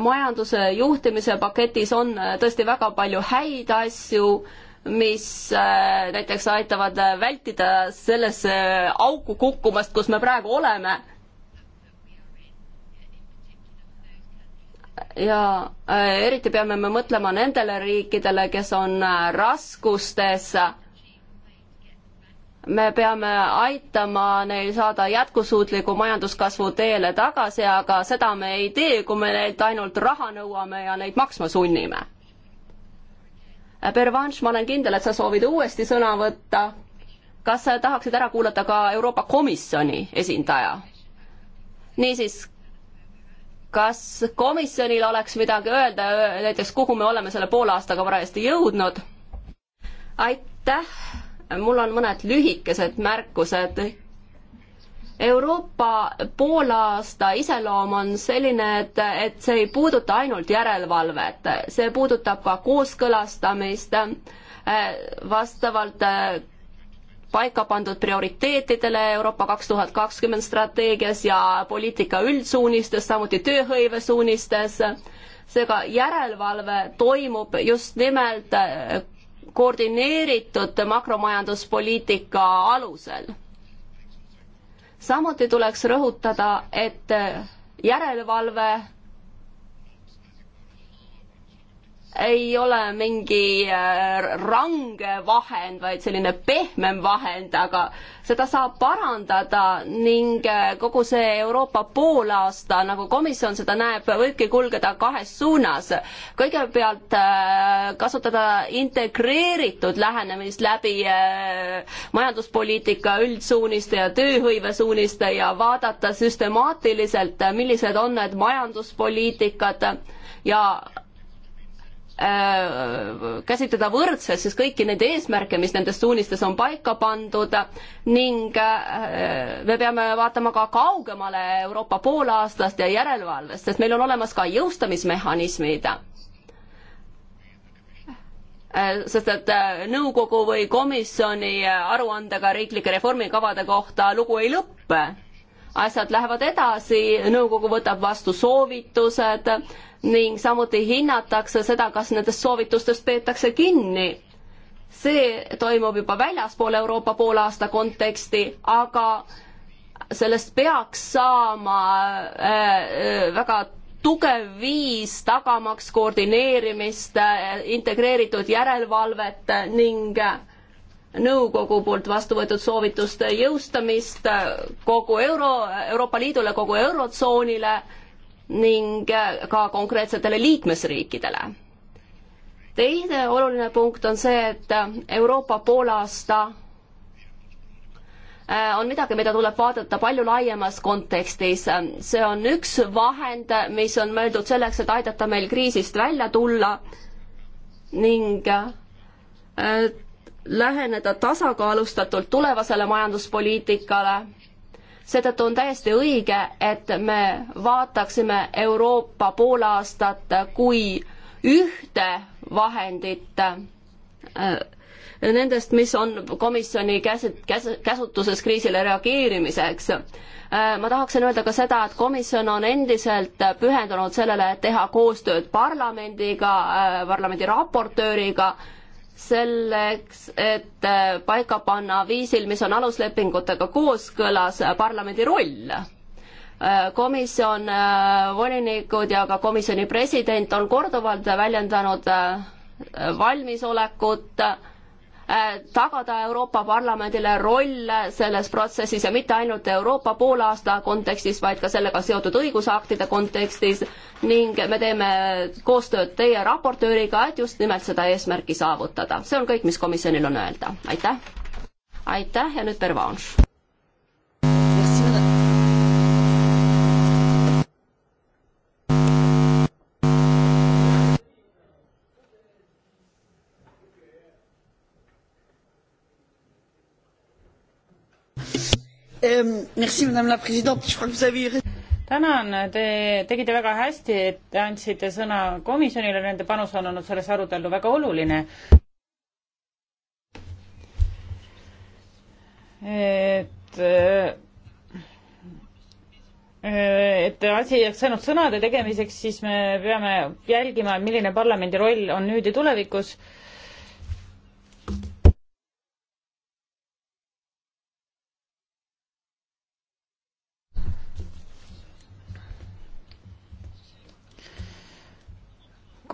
majanduse juhtimise paketis on tõesti väga palju häid asju, mis näiteks aitavad vältida sellesse auku kukkumast, kus me praegu oleme ja äh, eriti peame me mõtlema nendele riikidele, kes on äh, raskustes. me peame aitama neil saada jätkusuutliku majanduskasvu teele tagasi, aga seda me ei tee, kui me neilt ainult raha nõuame ja neid maksma sunnime. Äh, Pervanš, ma olen kindel, et sa soovid uuesti sõna võtta. kas sa tahaksid ära kuulata ka Euroopa Komisjoni esindaja? niisiis, kas komisjonil oleks midagi öelda, näiteks kuhu me oleme selle poole aastaga parajasti jõudnud? aitäh, mul on mõned lühikesed märkused. Euroopa poolaasta iseloom on selline, et, et see ei puuduta ainult järelevalvet, see puudutab ka kooskõlastamist eh, vastavalt eh, paika pandud prioriteetidele Euroopa kaks tuhat kakskümmend strateegias ja poliitika üldsuunistes, samuti tööhõivesuunistes. seega järelevalve toimub just nimelt koordineeritud makromajanduspoliitika alusel. samuti tuleks rõhutada, et järelevalve ei ole mingi äh, range vahend, vaid selline pehmem vahend, aga seda saab parandada ning äh, kogu see Euroopa poolaasta, nagu komisjon seda näeb, võibki kulgeda kahes suunas. kõigepealt äh, kasutada integreeritud lähenemist läbi majanduspoliitika üldsuuniste ja tööhõivesuuniste ja vaadata süstemaatiliselt, millised on need majanduspoliitikad ja Äh, käsitleda võrdselt siis kõiki neid eesmärke, mis nendes suunistes on paika pandud ning äh, me peame vaatama ka kaugemale Euroopa poolaastast ja järelevalvest, sest meil on olemas ka jõustamismehhanismid. Äh, sest et nõukogu või komisjoni aruandega riiklike reformikavade kohta lugu ei lõppe asjad lähevad edasi, nõukogu võtab vastu soovitused ning samuti hinnatakse seda, kas nendest soovitustest peetakse kinni. see toimub juba väljaspool Euroopa poolaasta konteksti, aga sellest peaks saama äh, äh, väga tugev viis tagamaks koordineerimist, äh, integreeritud järelevalvet ning nõukogu poolt vastu võetud soovituste jõustamist kogu euro, Euroopa Liidule, kogu Eurotsoonile ning äh, ka konkreetsetele liikmesriikidele. teine oluline punkt on see, et äh, Euroopa poolaasta äh, on midagi, mida tuleb vaadata palju laiemas kontekstis. see on üks vahend, mis on mõeldud selleks, et aidata meil kriisist välja tulla ning läheneda tasakaalustatult tulevasele majanduspoliitikale seetõttu on täiesti õige, et me vaataksime Euroopa poolaastat kui ühte vahendit äh, nendest, mis on komisjoni käs-, käs-, käsutuses kriisile reageerimiseks. Äh, ma tahaksin öelda ka seda, et komisjon on endiselt pühendunud sellele, et teha koostööd parlamendiga, äh, parlamendi raportööriga selleks, et äh, paika panna viisil, mis on aluslepingutega kooskõlas, äh, parlamendi roll. Äh, komisjon, volinikud ja ka komisjoni president on korduvalt väljendanud valmisolekut Äh, tagada Euroopa Parlamendile roll selles protsessis ja mitte ainult Euroopa poolaasta kontekstis, vaid ka sellega seotud õigusaktide kontekstis ning me teeme koostööd teie raportööriga, et just nimelt seda eesmärki saavutada. see on kõik, mis komisjonil on öelda. aitäh! aitäh ja nüüd Pervanš. Euh, tänan, te tegite väga hästi, et andsite sõna komisjonile, nende panus on olnud selles arutellu väga oluline. et äh, et asi jääks ainult sõnade tegemiseks, siis me peame jälgima, milline parlamendi roll on nüüd ja tulevikus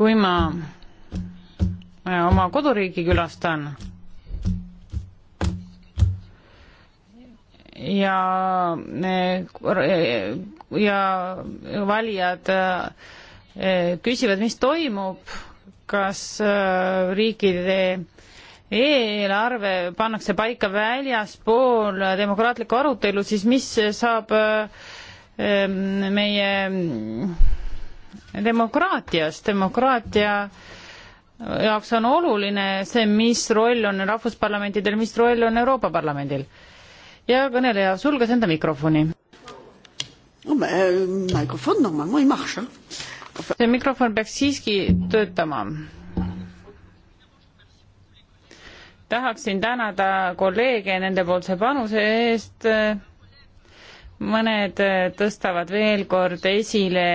kui ma äh, oma koduriiki külastan ja, äh, ja valijad äh, küsivad, mis toimub, kas riikide eelarve pannakse paika väljaspool demokraatlikku arutelu, siis mis saab meie demokraatiast, demokraatia jaoks on oluline see, mis roll on rahvusparlamentidel, mis roll on Euroopa Parlamendil. ja kõneleja sulges enda mikrofoni. mikrofon normaalne ei maksa. see mikrofon peaks siiski töötama. tahaksin tänada kolleege nendepoolse panuse eest. mõned tõstavad veel kord esile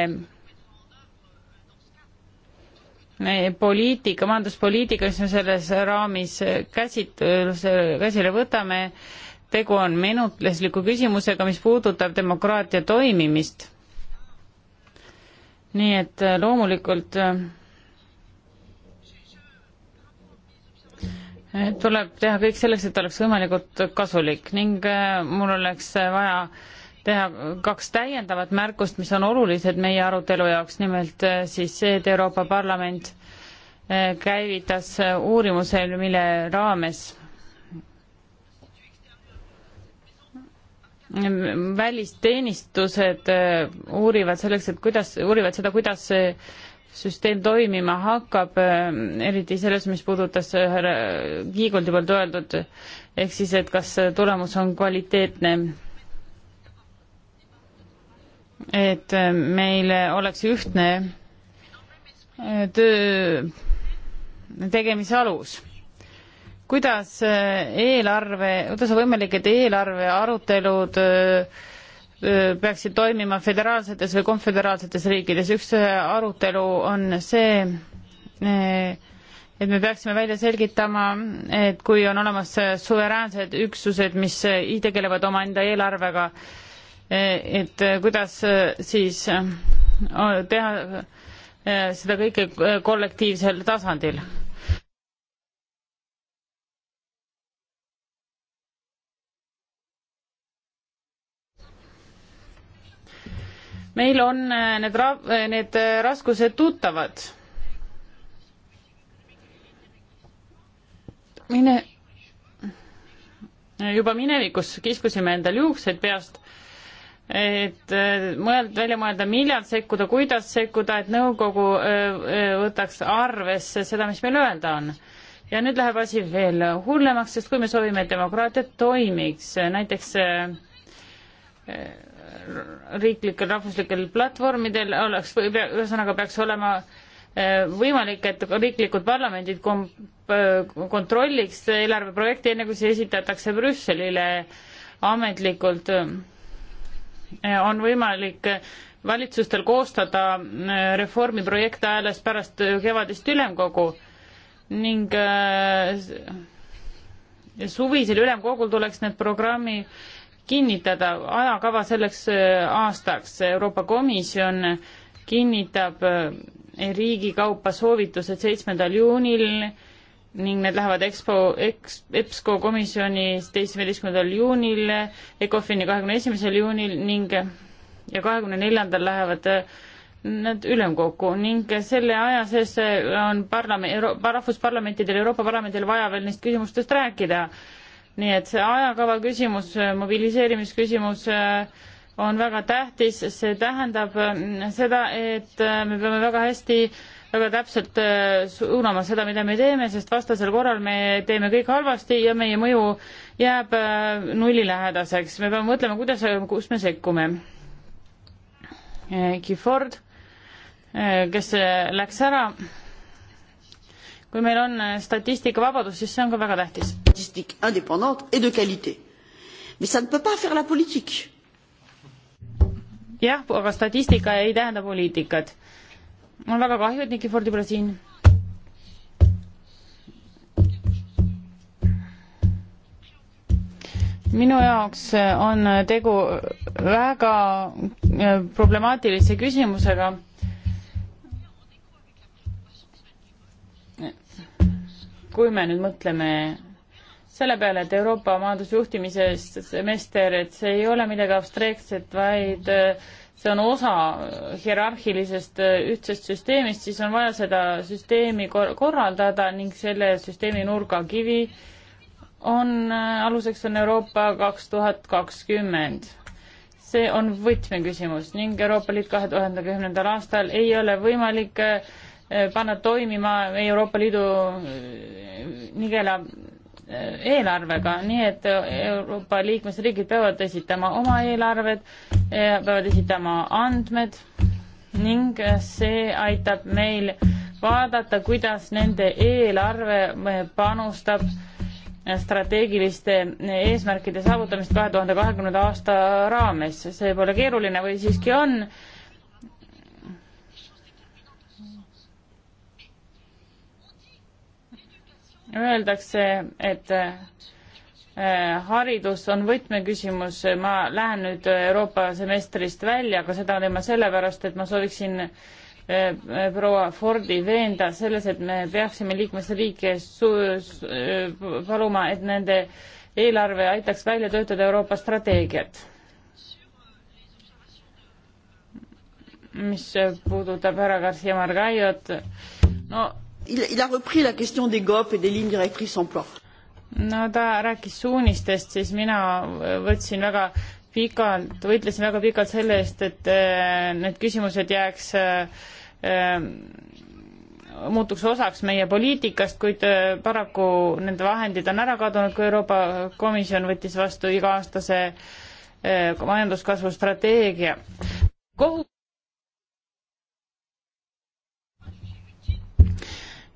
poliitika, majanduspoliitika, mis me selles raamis käsit-, käsile võtame, tegu on menetlusliku küsimusega, mis puudutab demokraatia toimimist. nii et äh, loomulikult äh, tuleb teha kõik selleks, et oleks võimalikult kasulik ning äh, mul oleks vaja teha kaks täiendavat märkust, mis on olulised meie arutelu jaoks, nimelt eh, siis see, et Euroopa Parlament eh, käivitas eh, uurimuse, mille raames välisteenistused uurivad selleks, et kuidas, uurivad seda, kuidas see süsteem toimima hakkab, eriti selles, mis puudutas härra Kiigoldi poolt öeldud, ehk siis, et kas tulemus on kvaliteetne et meil oleks ühtne äh, töö tegemise alus. kuidas äh, eelarve, kuidas on võimalik, et eelarve arutelud äh, peaksid toimima föderaalsetes või konföderaalsetes riikides, üks arutelu on see, et me peaksime välja selgitama, et kui on olemas suveräänsed üksused, mis tegelevad omaenda eelarvega, Eh, et eh, kuidas eh, siis teha seda kõike kollektiivsel tasandil. meil on need ra-, need raskused tuttavad. mine, juba minevikus kiskusime endal juukseid peast äh, et äh, mõeld-, välja mõelda, millal sekkuda, kuidas sekkuda, et nõukogu äh, äh, võtaks arvesse seda, mis meil öelda on. ja nüüd läheb asi veel hullemaks, sest kui me soovime, et demokraatia toimiks, näiteks riiklikel rahvuslikel platvormidel oleks, ühesõnaga peaks olema võimalik, et riiklikud parlamendid kom-, kontrolliks eelarveprojekti, enne kui see esitatakse Brüsselile ametlikult on võimalik valitsustel koostada äh, reformiprojekte alles pärast kevadist ülemkogu ning äh, suvisel ülemkogul tuleks need programmi kinnitada, ajakava selleks äh, aastaks. Euroopa Komisjon kinnitab riigi kaupa soovitused seitsmendal juunil ning need lähevad EXPO, EX-, EBSCO komisjoni seitsmeteistkümnendal juunil, ECOFIN-i kahekümne esimesel juunil ning ja kahekümne neljandal lähevad äh, nad ülemkokku ning selle aja sees äh, on parlament, Euroopa, rahvusparlamentidel, Euroopa Parlamendil vaja veel neist küsimustest rääkida. nii et see ajakava küsimus, äh, mobiliseerimisküsimus on väga tähtis, see tähendab seda, et me peame väga hästi äh, väga täpselt äh, suunama seda, mida me teeme, sest vastasel korral me teeme kõik halvasti ja meie mõju jääb äh, nullilähedaseks. me peame mõtlema, kuidas, kus me sekkume. Äh, Gifford, kes läks ära, kui meil on statistikavabadus, siis see on ka väga tähtis. statistik indépendante et de qualité. Mais ça ne peut pas faire la politique jah, aga statistika ei tähenda poliitikat on väga kahju, et Nikifor pole siin. minu jaoks on tegu väga äh, problemaatilise küsimusega. kui me nüüd mõtleme selle peale, et Euroopa majandusjuhtimise semester, et see ei ole midagi abstraktset, vaid äh, see on osa hierarhilisest äh, ühtsest süsteemist, siis on vaja seda süsteemi kor korraldada ning selle süsteemi nurgakivi on, äh, aluseks on Euroopa kaks tuhat kakskümmend. see on võtmeküsimus ning Euroopa Liit kahe tuhande kümnendal aastal ei ole võimalik äh, panna toimima Euroopa Liidu nigela eelarvega, nii et Euroopa liikmesriigid peavad esitama oma eelarved, eh, peavad esitama andmed ning see aitab meil vaadata, kuidas nende eelarve eh, panustab strateegiliste eesmärkide saavutamist kahe tuhande kahekümnenda aasta raames. see pole keeruline või siiski on öeldakse, et eh, haridus on võtmeküsimus, ma lähen nüüd Euroopa semestrist välja, aga seda teen ma sellepärast, et ma sooviksin eh, proua Fordi veenda selles, et me peaksime liikmesriike paluma, et nende eelarve aitaks välja töötada Euroopa strateegiat. mis puudutab härra Garcia Margaiot, no il a repris la question des GOP et des lignes directrices emploi. no ta rääkis suunistest, siis mina äh, võtsin väga pikalt, võitlesin väga pikalt selle eest, et äh, need küsimused jääks äh, muutuks osaks meie poliitikast, kuid paraku nende vahendid on ära kadunud, kui Euroopa Komisjon võttis vastu iga-aastase majanduskasvu strateegia. kohus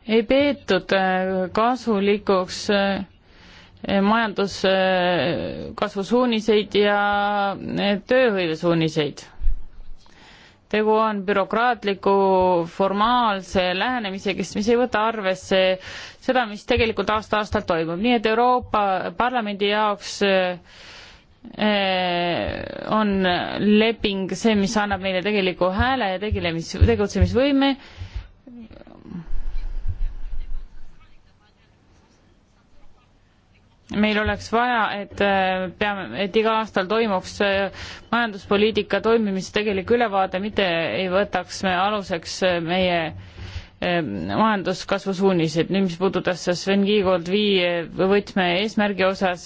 ei peetud äh, kasulikuks äh, majanduskasvu suuniseid ja äh, tööhõive suuniseid. tegu on bürokraatliku formaalse lähenemisega, mis ei võta arvesse seda, mis tegelikult aasta-aastalt toimub, nii et Euroopa Parlamendi jaoks on leping see, mis annab meile tegeliku hääle ja tegelemis, tegutsemisvõime meil oleks vaja, et äh, peame, et igal aastal toimuks äh, majanduspoliitika toimimise tegelik ülevaade, mitte ei võtaks me aluseks äh, meie majanduskasvu suunised. nüüd, mis puudutas Sven Kiigolt viie võtme eesmärgi osas,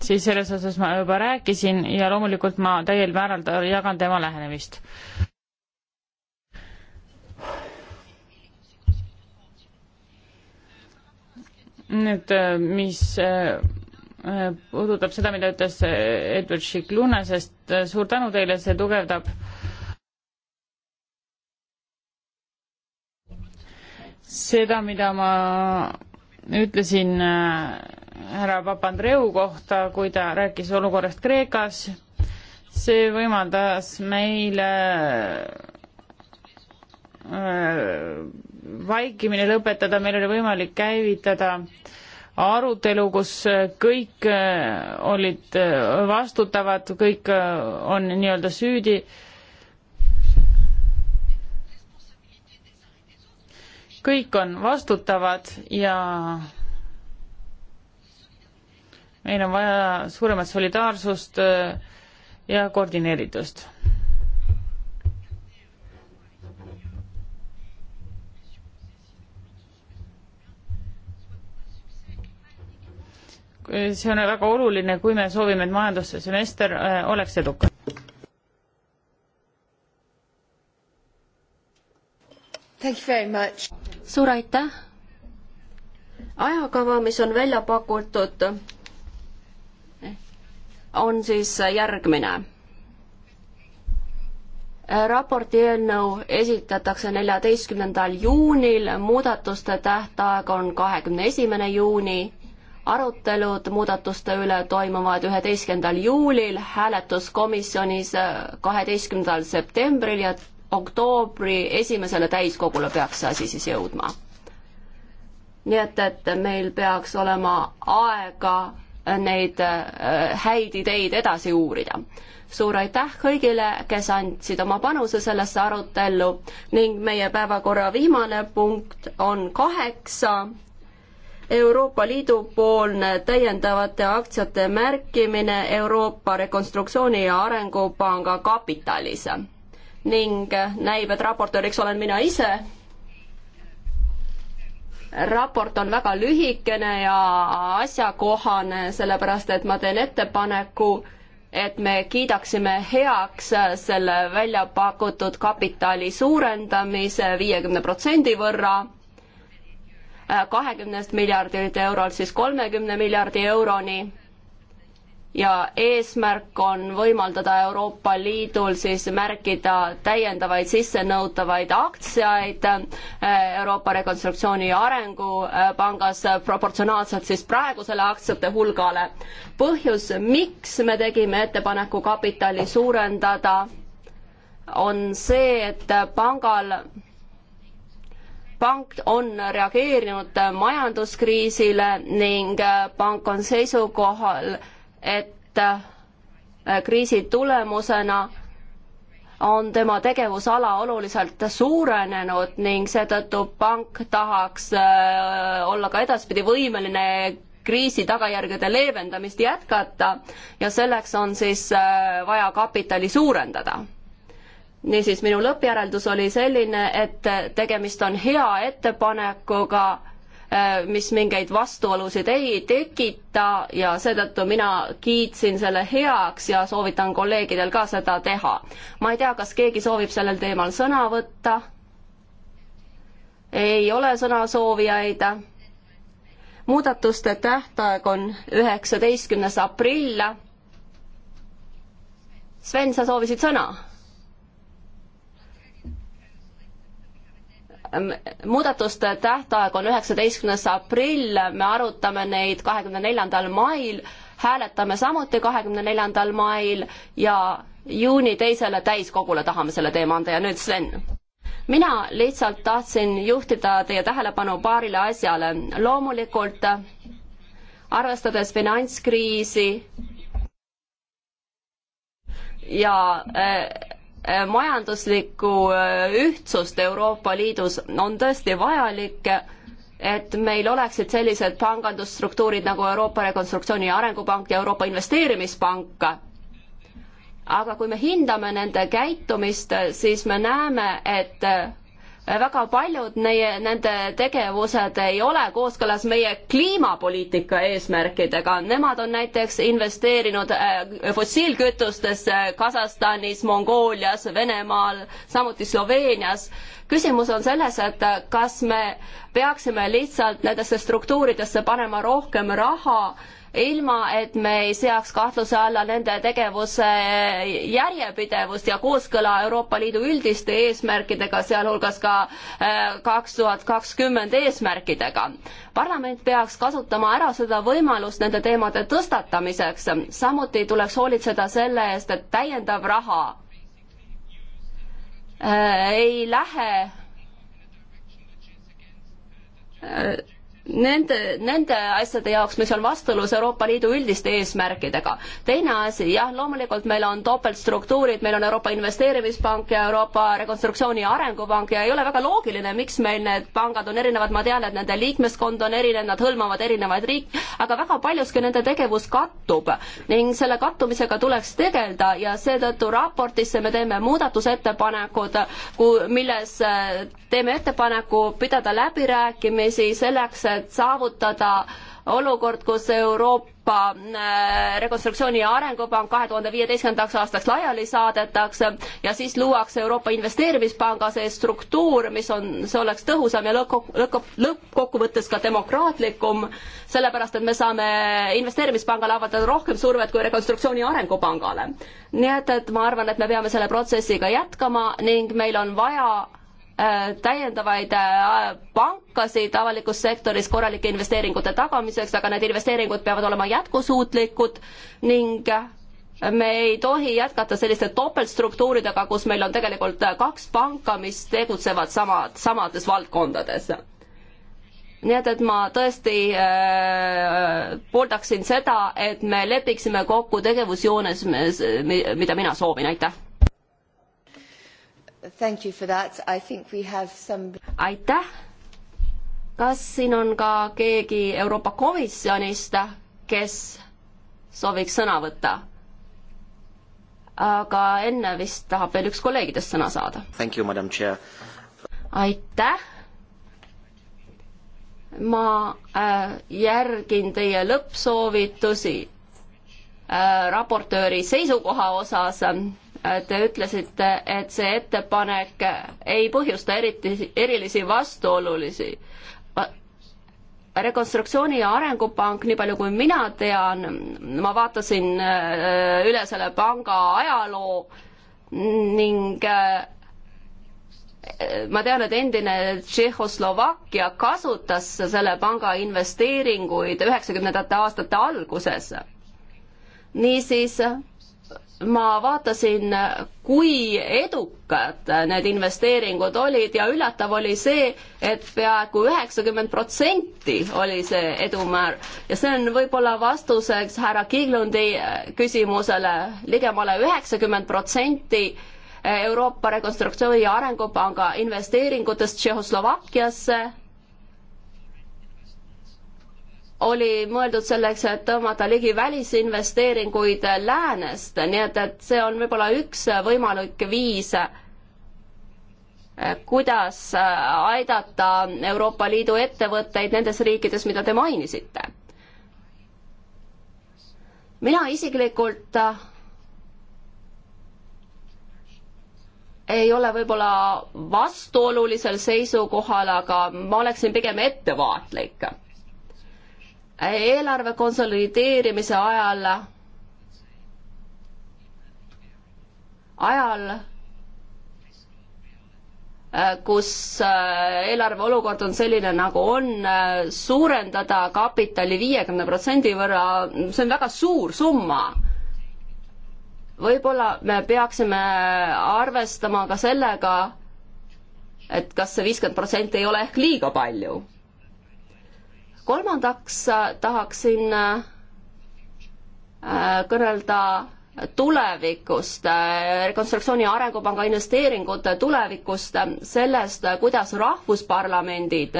siis selles osas ma juba rääkisin ja loomulikult ma täiel määral jagan tema lähenemist. nüüd, äh, mis äh, äh, puudutab seda, mida ütles Edward Shikluna, sest suur tänu teile, see tugevdab seda, mida ma ütlesin härra Papandreou kohta, kui ta rääkis olukorrast Kreekas, see võimaldas meile vaikimine lõpetada, meil oli võimalik käivitada arutelu, kus kõik äh, olid äh, vastutavad, kõik äh, on nii-öelda süüdi. kõik on vastutavad ja meil on vaja suuremat solidaarsust ja koordineeritust see on väga oluline, kui me soovime, et majandussemester äh, oleks edukas. suur aitäh! ajakava, mis on välja pakutud, on siis järgmine raporti eelnõu esitatakse neljateistkümnendal juunil, muudatuste tähtaeg on kahekümne esimene juuni arutelud muudatuste üle toimuvad üheteistkümnendal juulil, hääletus komisjonis äh, kaheteistkümnendal septembril ja oktoobri esimesele täiskogule peaks see asi siis jõudma. nii et, et meil peaks olema aega neid äh, häid ideid edasi uurida. suur aitäh kõigile, kes andsid oma panuse sellesse arutellu ning meie päevakorra viimane punkt on kaheksa Euroopa Liidu poolne täiendavate aktsiate märkimine Euroopa Rekonstruktsiooni ja Arengupanga kapitalis. ning näib, et raportööriks olen mina ise raport on väga lühikene ja asjakohane, sellepärast et ma teen ettepaneku, et me kiidaksime heaks selle välja pakutud kapitali suurendamise viiekümne protsendi võrra kahekümnest miljardilt eurolt siis kolmekümne miljardi euroni ja eesmärk on võimaldada Euroopa Liidul siis märkida täiendavaid sissenõutavaid aktsiaid eh, Euroopa Rekonstruktsiooni ja Arengupangas proportsionaalselt siis praegusele aktsiate hulgale. põhjus, miks me tegime ettepaneku kapitali suurendada, on see, et pangal pank on reageerinud majanduskriisile ning pank on seisukohal, et äh, kriisi tulemusena on tema tegevusala oluliselt suurenenud ning seetõttu pank tahaks äh, olla ka edaspidi võimeline kriisi tagajärgede leevendamist jätkata ja selleks on siis äh, vaja kapitali suurendada niisiis, minu lõppjäreldus oli selline, et tegemist on hea ettepanekuga, äh, mis mingeid vastuolusid ei tekita ja seetõttu mina kiitsin selle heaks ja soovitan kolleegidel ka seda teha. ma ei tea, kas keegi soovib sellel teemal sõna võtta. ei ole sõnasoovijaid. muudatuste tähtaeg on üheksateistkümnes aprill. Sven, sa soovisid sõna? muudatuste tähtaeg on üheksateistkümnes aprill, me arutame neid kahekümne neljandal mail, hääletame samuti kahekümne neljandal mail ja juuni teisele täiskogule tahame selle teema anda ja nüüd Sven. mina lihtsalt tahtsin juhtida teie tähelepanu paarile asjale. loomulikult arvestades finantskriisi ja äh, Äh, majanduslikku äh, ühtsust Euroopa Liidus on tõesti vajalik, et meil oleksid sellised pangandusstruktuurid nagu Euroopa Rekonstruktsiooni ja Arengupank ja Euroopa Investeerimispank. aga kui me hindame nende käitumist, siis me näeme, et äh, väga paljud neie, nende tegevused ei ole kooskõlas meie kliimapoliitika eesmärkidega. Nemad on näiteks investeerinud äh, fossiilkütustesse Kasahstanis, Mongoolias, Venemaal, samuti Sloveenias. küsimus on selles, et kas me peaksime lihtsalt nendesse struktuuridesse panema rohkem raha ilma, et me ei seaks kahtluse alla nende tegevuse järjepidevust ja kooskõla Euroopa Liidu üldiste eesmärkidega, sealhulgas ka äh, kaks tuhat kakskümmend eesmärkidega. parlament peaks kasutama ära seda võimalust nende teemade tõstatamiseks, samuti tuleks hoolitseda selle eest, et täiendav raha äh, ei lähe äh, nende, nende asjade jaoks, mis on vastuolus Euroopa Liidu üldiste eesmärkidega. teine asi, jah, loomulikult meil on topeltstruktuurid, meil on Euroopa Investeerimispank ja Euroopa Rekonstruktsiooni ja Arengupank ja ei ole väga loogiline, miks meil need pangad on erinevad, ma tean, et nende liikmeskond on erinev, nad hõlmavad erinevaid riike, aga väga paljuski nende tegevus kattub ning selle kattumisega tuleks tegeleda ja seetõttu raportisse me teeme muudatusettepanekud, milles äh, teeme ettepaneku pidada läbirääkimisi selleks, et saavutada olukord, kus Euroopa äh, Rekonstruktsiooni ja Arengupank kahe tuhande viieteistkümnendaks aastaks laiali saadetakse ja siis luuakse Euroopa Investeerimispanga see struktuur, mis on, see oleks tõhusam ja lõppkokkuvõttes ka demokraatlikum, sellepärast et me saame investeerimispangale avaldada rohkem survet kui Rekonstruktsiooni ja Arengupangale. nii et, et ma arvan, et me peame selle protsessiga jätkama ning meil on vaja Äh, täiendavaid äh, pankasid avalikus sektoris korralike investeeringute tagamiseks, aga need investeeringud peavad olema jätkusuutlikud ning me ei tohi jätkata selliste topeltstruktuuridega, kus meil on tegelikult äh, kaks panka, mis tegutsevad samad, samades valdkondades. nii et, et ma tõesti äh, pooldaksin seda, et me lepiksime kokku tegevusjoones, mida mina soovin, aitäh some... aitäh! kas siin on ka keegi Euroopa Komisjonist, kes sooviks sõna võtta? aga enne vist tahab veel üks kolleegidest sõna saada. aitäh! ma äh, järgin teie lõppsoovitusi äh, raportööri seisukoha osas äh, Te ütlesite, et see ettepanek ei põhjusta eriti, erilisi vastuolulisi rekonstruktsiooni- ja arengupank, nii palju kui mina tean, ma vaatasin äh, üle selle panga ajaloo ning äh, ma tean, et endine Tšehhoslovakkia kasutas selle panga investeeringuid üheksakümnendate aastate alguses. niisiis ma vaatasin, kui edukad need investeeringud olid ja üllatav oli see, et peaaegu üheksakümmend protsenti oli see edumäär ja see on võib-olla vastuseks härra Kiiglundi küsimusele ligemale üheksakümmend protsenti Euroopa Rekonstruktsiooni ja Arengupanga investeeringutest Tšehhoslovakkiasse oli mõeldud selleks, et tõmmata ligi välisinvesteeringuid läänest, nii et, et see on võib-olla üks võimalik viis, kuidas aidata Euroopa Liidu ettevõtteid nendes riikides, mida te mainisite. mina isiklikult ei ole võib-olla vastuolulisel seisukohal, aga ma oleksin pigem ettevaatlik eelarve konsolideerimise ajal, ajal, äh, kus äh, eelarve olukord on selline, nagu on, äh, suurendada kapitali viiekümne protsendi võrra, see on väga suur summa võib-olla me peaksime arvestama ka sellega, et kas see viiskümmend protsenti ei ole ehk liiga palju kolmandaks äh, tahaksin äh, kõnelda tulevikust, äh, Rekonstruktsiooni Arengupanga investeeringute tulevikust, sellest, kuidas rahvusparlamendid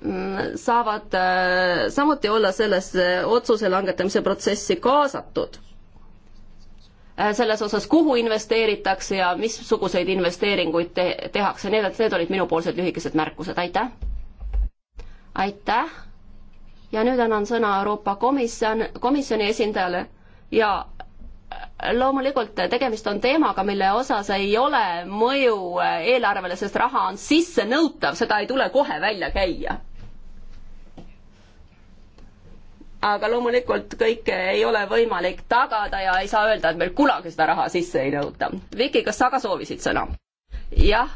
mm, saavad samuti olla sellesse otsuse langetamise protsessi kaasatud. selles osas, kuhu investeeritakse ja missuguseid investeeringuid te tehakse, need, need olid minupoolsed lühikesed märkused, aitäh! aitäh ja nüüd annan sõna Euroopa Komisjon, komisjoni esindajale ja äh, loomulikult tegemist on teemaga, mille osas ei ole mõju äh, eelarvele, sest raha on sissenõutav, seda ei tule kohe välja käia. aga loomulikult kõike ei ole võimalik tagada ja ei saa öelda, et meil kunagi seda raha sisse ei nõuta. Viki, kas sa ka soovisid sõna? jah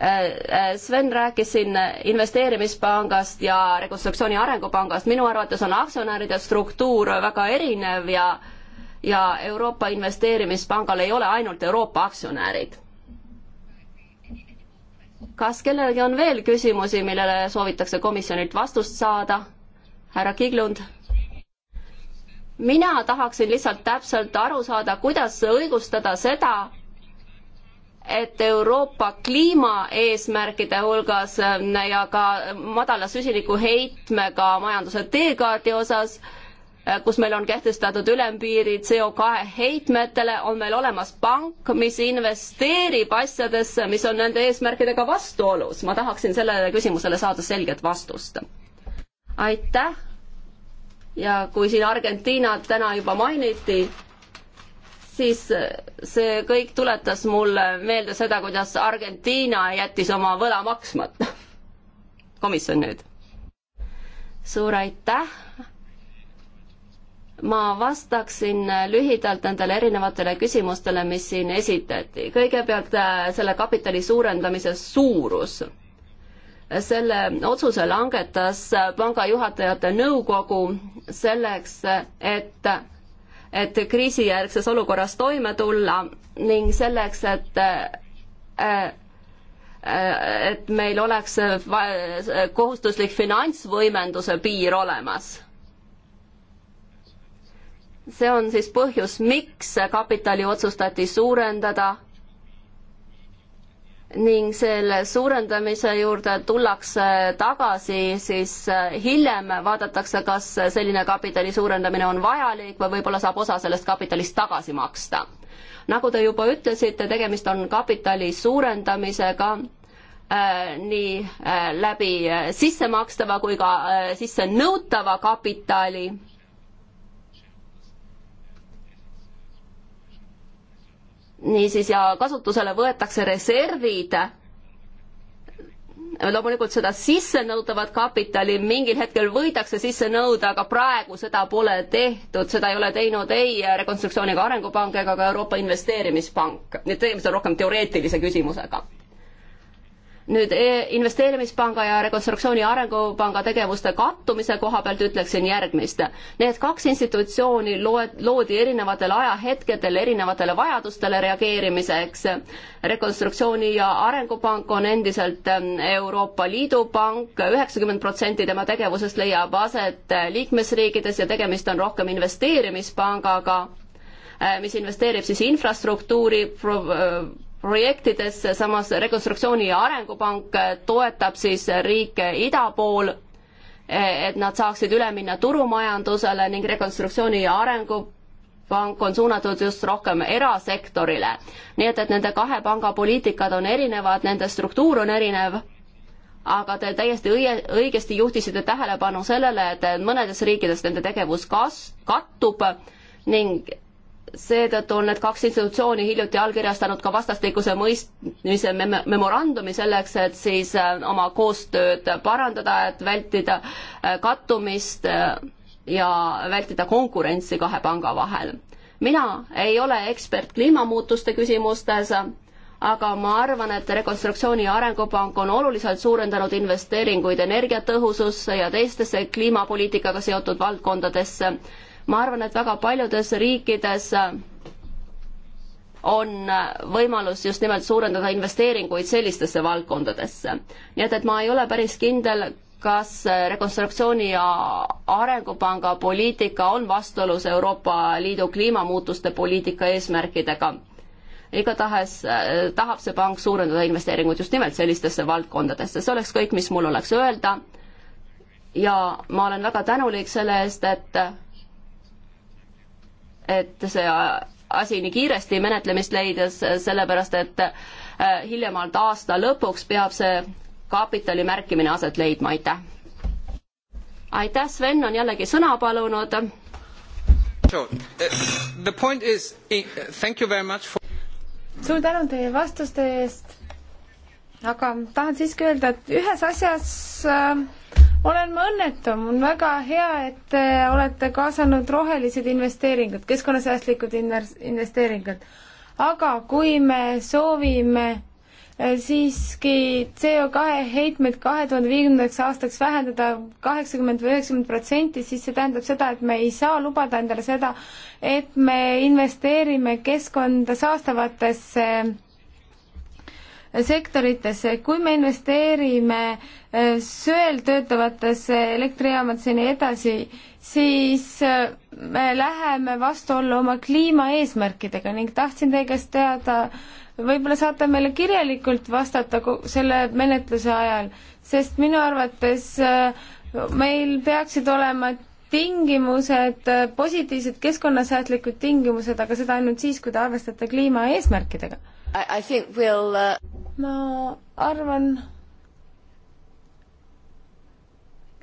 Äh, äh, Sven rääkis siin investeerimispangast ja Rekonstruktsiooni Arengupangast, minu arvates on aktsionäride struktuur väga erinev ja ja Euroopa Investeerimispangal ei ole ainult Euroopa aktsionärid. kas kellelgi on veel küsimusi, millele soovitakse komisjonilt vastust saada? härra Kiglund? mina tahaksin lihtsalt täpselt aru saada, kuidas õigustada seda, et Euroopa kliimaeesmärkide hulgas äh, ja ka madala süsinikuheitmega majanduse teekaardi osas, äh, kus meil on kehtestatud ülempiiri CO2 heitmetele, on meil olemas pank, mis investeerib asjadesse, mis on nende eesmärkidega vastuolus. ma tahaksin sellele küsimusele saada selget vastust. aitäh! ja kui siin Argentiinat täna juba mainiti, siis see kõik tuletas mulle meelde seda, kuidas Argentiina jättis oma võla maksmata. komisjon nüüd. suur aitäh. ma vastaksin lühidalt nendele erinevatele küsimustele, mis siin esitati. kõigepealt äh, selle kapitali suurendamise suurus selle otsuse langetas panga juhatajate nõukogu selleks, et et kriisijärgses olukorras toime tulla ning selleks, et äh, et meil oleks kohustuslik finantsvõimenduse piir olemas. see on siis põhjus, miks kapitali otsustati suurendada ning selle suurendamise juurde tullakse tagasi siis äh, hiljem, vaadatakse, kas selline kapitali suurendamine on vajalik või võib-olla saab osa sellest kapitalist tagasi maksta. nagu te juba ütlesite, tegemist on kapitali suurendamisega äh, nii äh, läbi äh, sissemakstava kui ka äh, sissenõutava kapitali niisiis, ja kasutusele võetakse reservid loomulikult seda sissenõutavat kapitali mingil hetkel võidakse sisse nõuda, aga praegu seda pole tehtud, seda ei ole teinud ei Rekonstruktsiooniga Arengupank ega ka Euroopa Investeerimispank. nii et tegemist on rohkem teoreetilise küsimusega nüüd e, investeerimispanga ja Rekonstruktsiooni Arengupanga tegevuste kattumise koha pealt ütleksin järgmist. Need kaks institutsiooni loed, loodi erinevatel ajahetkedel erinevatele vajadustele reageerimiseks. rekonstruktsiooni ja Arengupank on endiselt ähm, Euroopa Liidu pank, üheksakümmend protsenti tema tegevusest leiab aset äh, liikmesriikides ja tegemist on rohkem investeerimispangaga, äh, mis investeerib siis infrastruktuuri pro-, äh, projektidesse, samas Rekonstruktsiooni ja Arengupank toetab siis riike ida pool, et nad saaksid üle minna turumajandusele ning Rekonstruktsiooni ja Arengupank on suunatud just rohkem erasektorile. nii et, et nende kahe panga poliitikad on erinevad, nende struktuur on erinev, aga te täiesti õie, õigesti juhtisite tähelepanu sellele, et mõnedes riikides nende tegevus kas-, kattub ning seetõttu on need kaks institutsiooni hiljuti allkirjastanud ka vastastikuse mõistmise memorandumi selleks, et siis äh, oma koostööd parandada, et vältida äh, kattumist äh, ja vältida konkurentsi kahe panga vahel. mina ei ole ekspert kliimamuutuste küsimustes, aga ma arvan, et Rekonstruktsiooni ja Arengupank on oluliselt suurendanud investeeringuid energiatõhususse ja teistesse kliimapoliitikaga seotud valdkondadesse ma arvan, et väga paljudes riikides äh, on äh, võimalus just nimelt suurendada investeeringuid sellistesse valdkondadesse. nii et, et ma ei ole päris kindel, kas äh, Rekonstruktsiooni ja Arengupanga poliitika on vastuolus Euroopa Liidu kliimamuutuste poliitika eesmärkidega. igatahes tahab see pank suurendada investeeringuid just nimelt sellistesse valdkondadesse, see oleks kõik, mis mul oleks öelda. ja ma olen väga tänulik selle eest, et et see asi nii kiiresti menetlemist leides, sellepärast et äh, hiljemalt aasta lõpuks peab see kapitali märkimine aset leidma, aitäh. aitäh, Sven on jällegi sõna palunud. Uh, suur tänu teie vastuste eest, aga tahan siiski öelda, et ühes asjas äh, olen ma õnnetu, on väga hea, et te olete kaasanud rohelised investeeringud, keskkonnasäästlikud investeeringud. aga kui me soovime eh, siiski CO2 heitmeid kahe tuhande viiekümnendaks aastaks vähendada kaheksakümmend või üheksakümmend protsenti, siis see tähendab seda, et me ei saa lubada endale seda, et me investeerime keskkonda saastavatesse äh, sektoritesse, kui me investeerime äh, söel töötavatesse elektrijaamadesse ja nii edasi, siis äh, me läheme vastuollu oma kliimaeesmärkidega ning tahtsin teie käest teada, võib-olla saate meile kirjalikult vastata selle menetluse ajal, sest minu arvates äh, meil peaksid olema tingimused, positiivsed keskkonnasäästlikud tingimused, aga seda ainult siis, kui te arvestate kliimaeesmärkidega We'll, uh... ma arvan,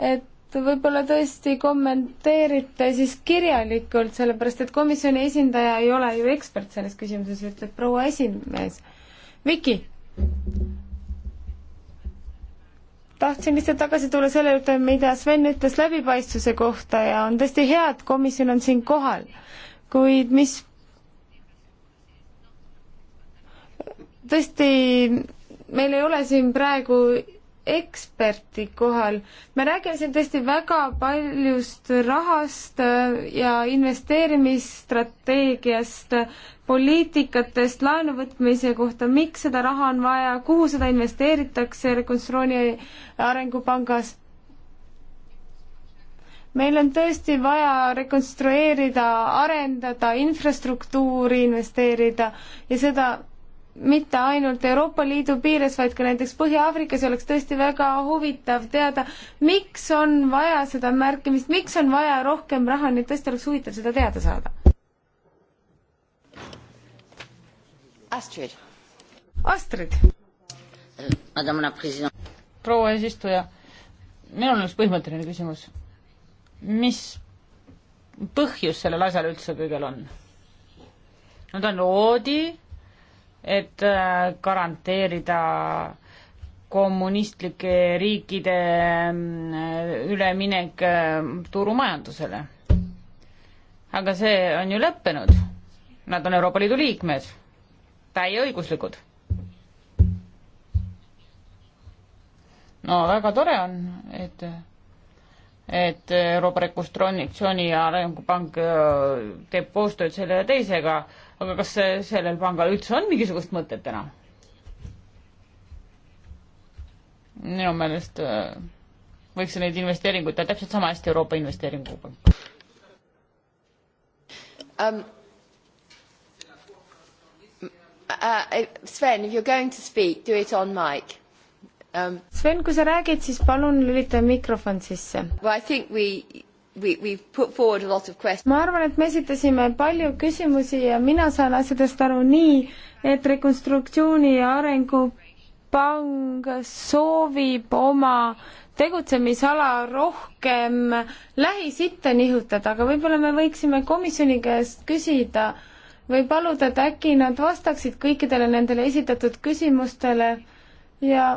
et võib-olla tõesti kommenteerite siis kirjalikult, sellepärast et komisjoni esindaja ei ole ju ekspert selles küsimuses, ütleb proua esimees. Viki? tahtsin lihtsalt tagasi tulla selle juurde, mida Sven ütles läbipaistvuse kohta ja on tõesti hea, et komisjon on siin kohal. kuid mis tõesti, meil ei ole siin praegu eksperti kohal. me räägime siin tõesti väga paljust rahast ja investeerimisstrateegiast, poliitikatest, laenu võtmise kohta, miks seda raha on vaja, kuhu seda investeeritakse Rekonstruktsiooni Arengupangas. meil on tõesti vaja rekonstrueerida, arendada infrastruktuuri, investeerida ja seda mitte ainult Euroopa Liidu piires, vaid ka näiteks Põhja-Aafrikas oleks tõesti väga huvitav teada, miks on vaja seda märkimist, miks on vaja rohkem raha, nii et tõesti oleks huvitav seda teada saada. Astrid. Astrid. proua eesistuja, minul on üks põhimõtteline küsimus. mis põhjus sellel asjal üldse kõigel on? no ta loodi et äh, garanteerida kommunistlike riikide mm, äh, üleminek äh, turumajandusele. aga see on ju lõppenud. Nad on Euroopa Liidu liikmed, täieõiguslikud. no väga tore on, et et Euroopa Rekonstruktsiooni ja Arengupank teeb koostööd selle ja teisega, aga kas sellel pangal üldse on mingisugust mõtet enam? minu meelest äh, võiks neid investeeringuid teha täpselt sama hästi Euroopa Investeeringupank um,. Uh, uh, Sven, if you are going to speak, do it on mic um,. Sven, kui sa räägid, siis palun lülita mikrofon sisse. Well, I think we ma arvan, et me esitasime palju küsimusi ja mina saan asjadest aru nii, et Rekonstruktsiooni ja Arengupank soovib oma tegutsemisala rohkem Lähis-Itta nihutada, aga võib-olla me võiksime komisjoni käest küsida või paluda, et äkki nad vastaksid kõikidele nendele esitatud küsimustele ja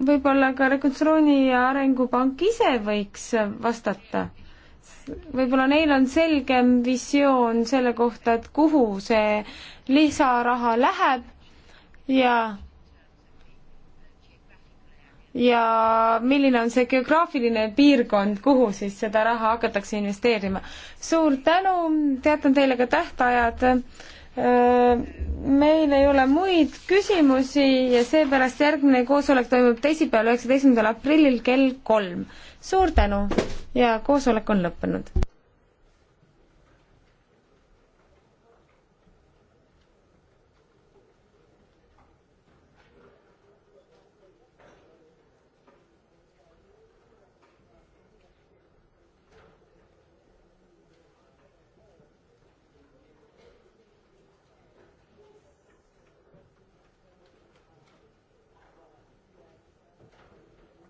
võib-olla ka Rekonstruktsiooni ja Arengupank ise võiks vastata. võib-olla neil on selgem visioon selle kohta, et kuhu see lisaraha läheb ja ja milline on see geograafiline piirkond, kuhu siis seda raha hakatakse investeerima. suur tänu, teatan teile ka tähtajad meil ei ole muid küsimusi ja seepärast järgmine koosolek toimub teisipäeval, üheksateistkümnendal aprillil kell kolm. suur tänu ja koosolek on lõppenud.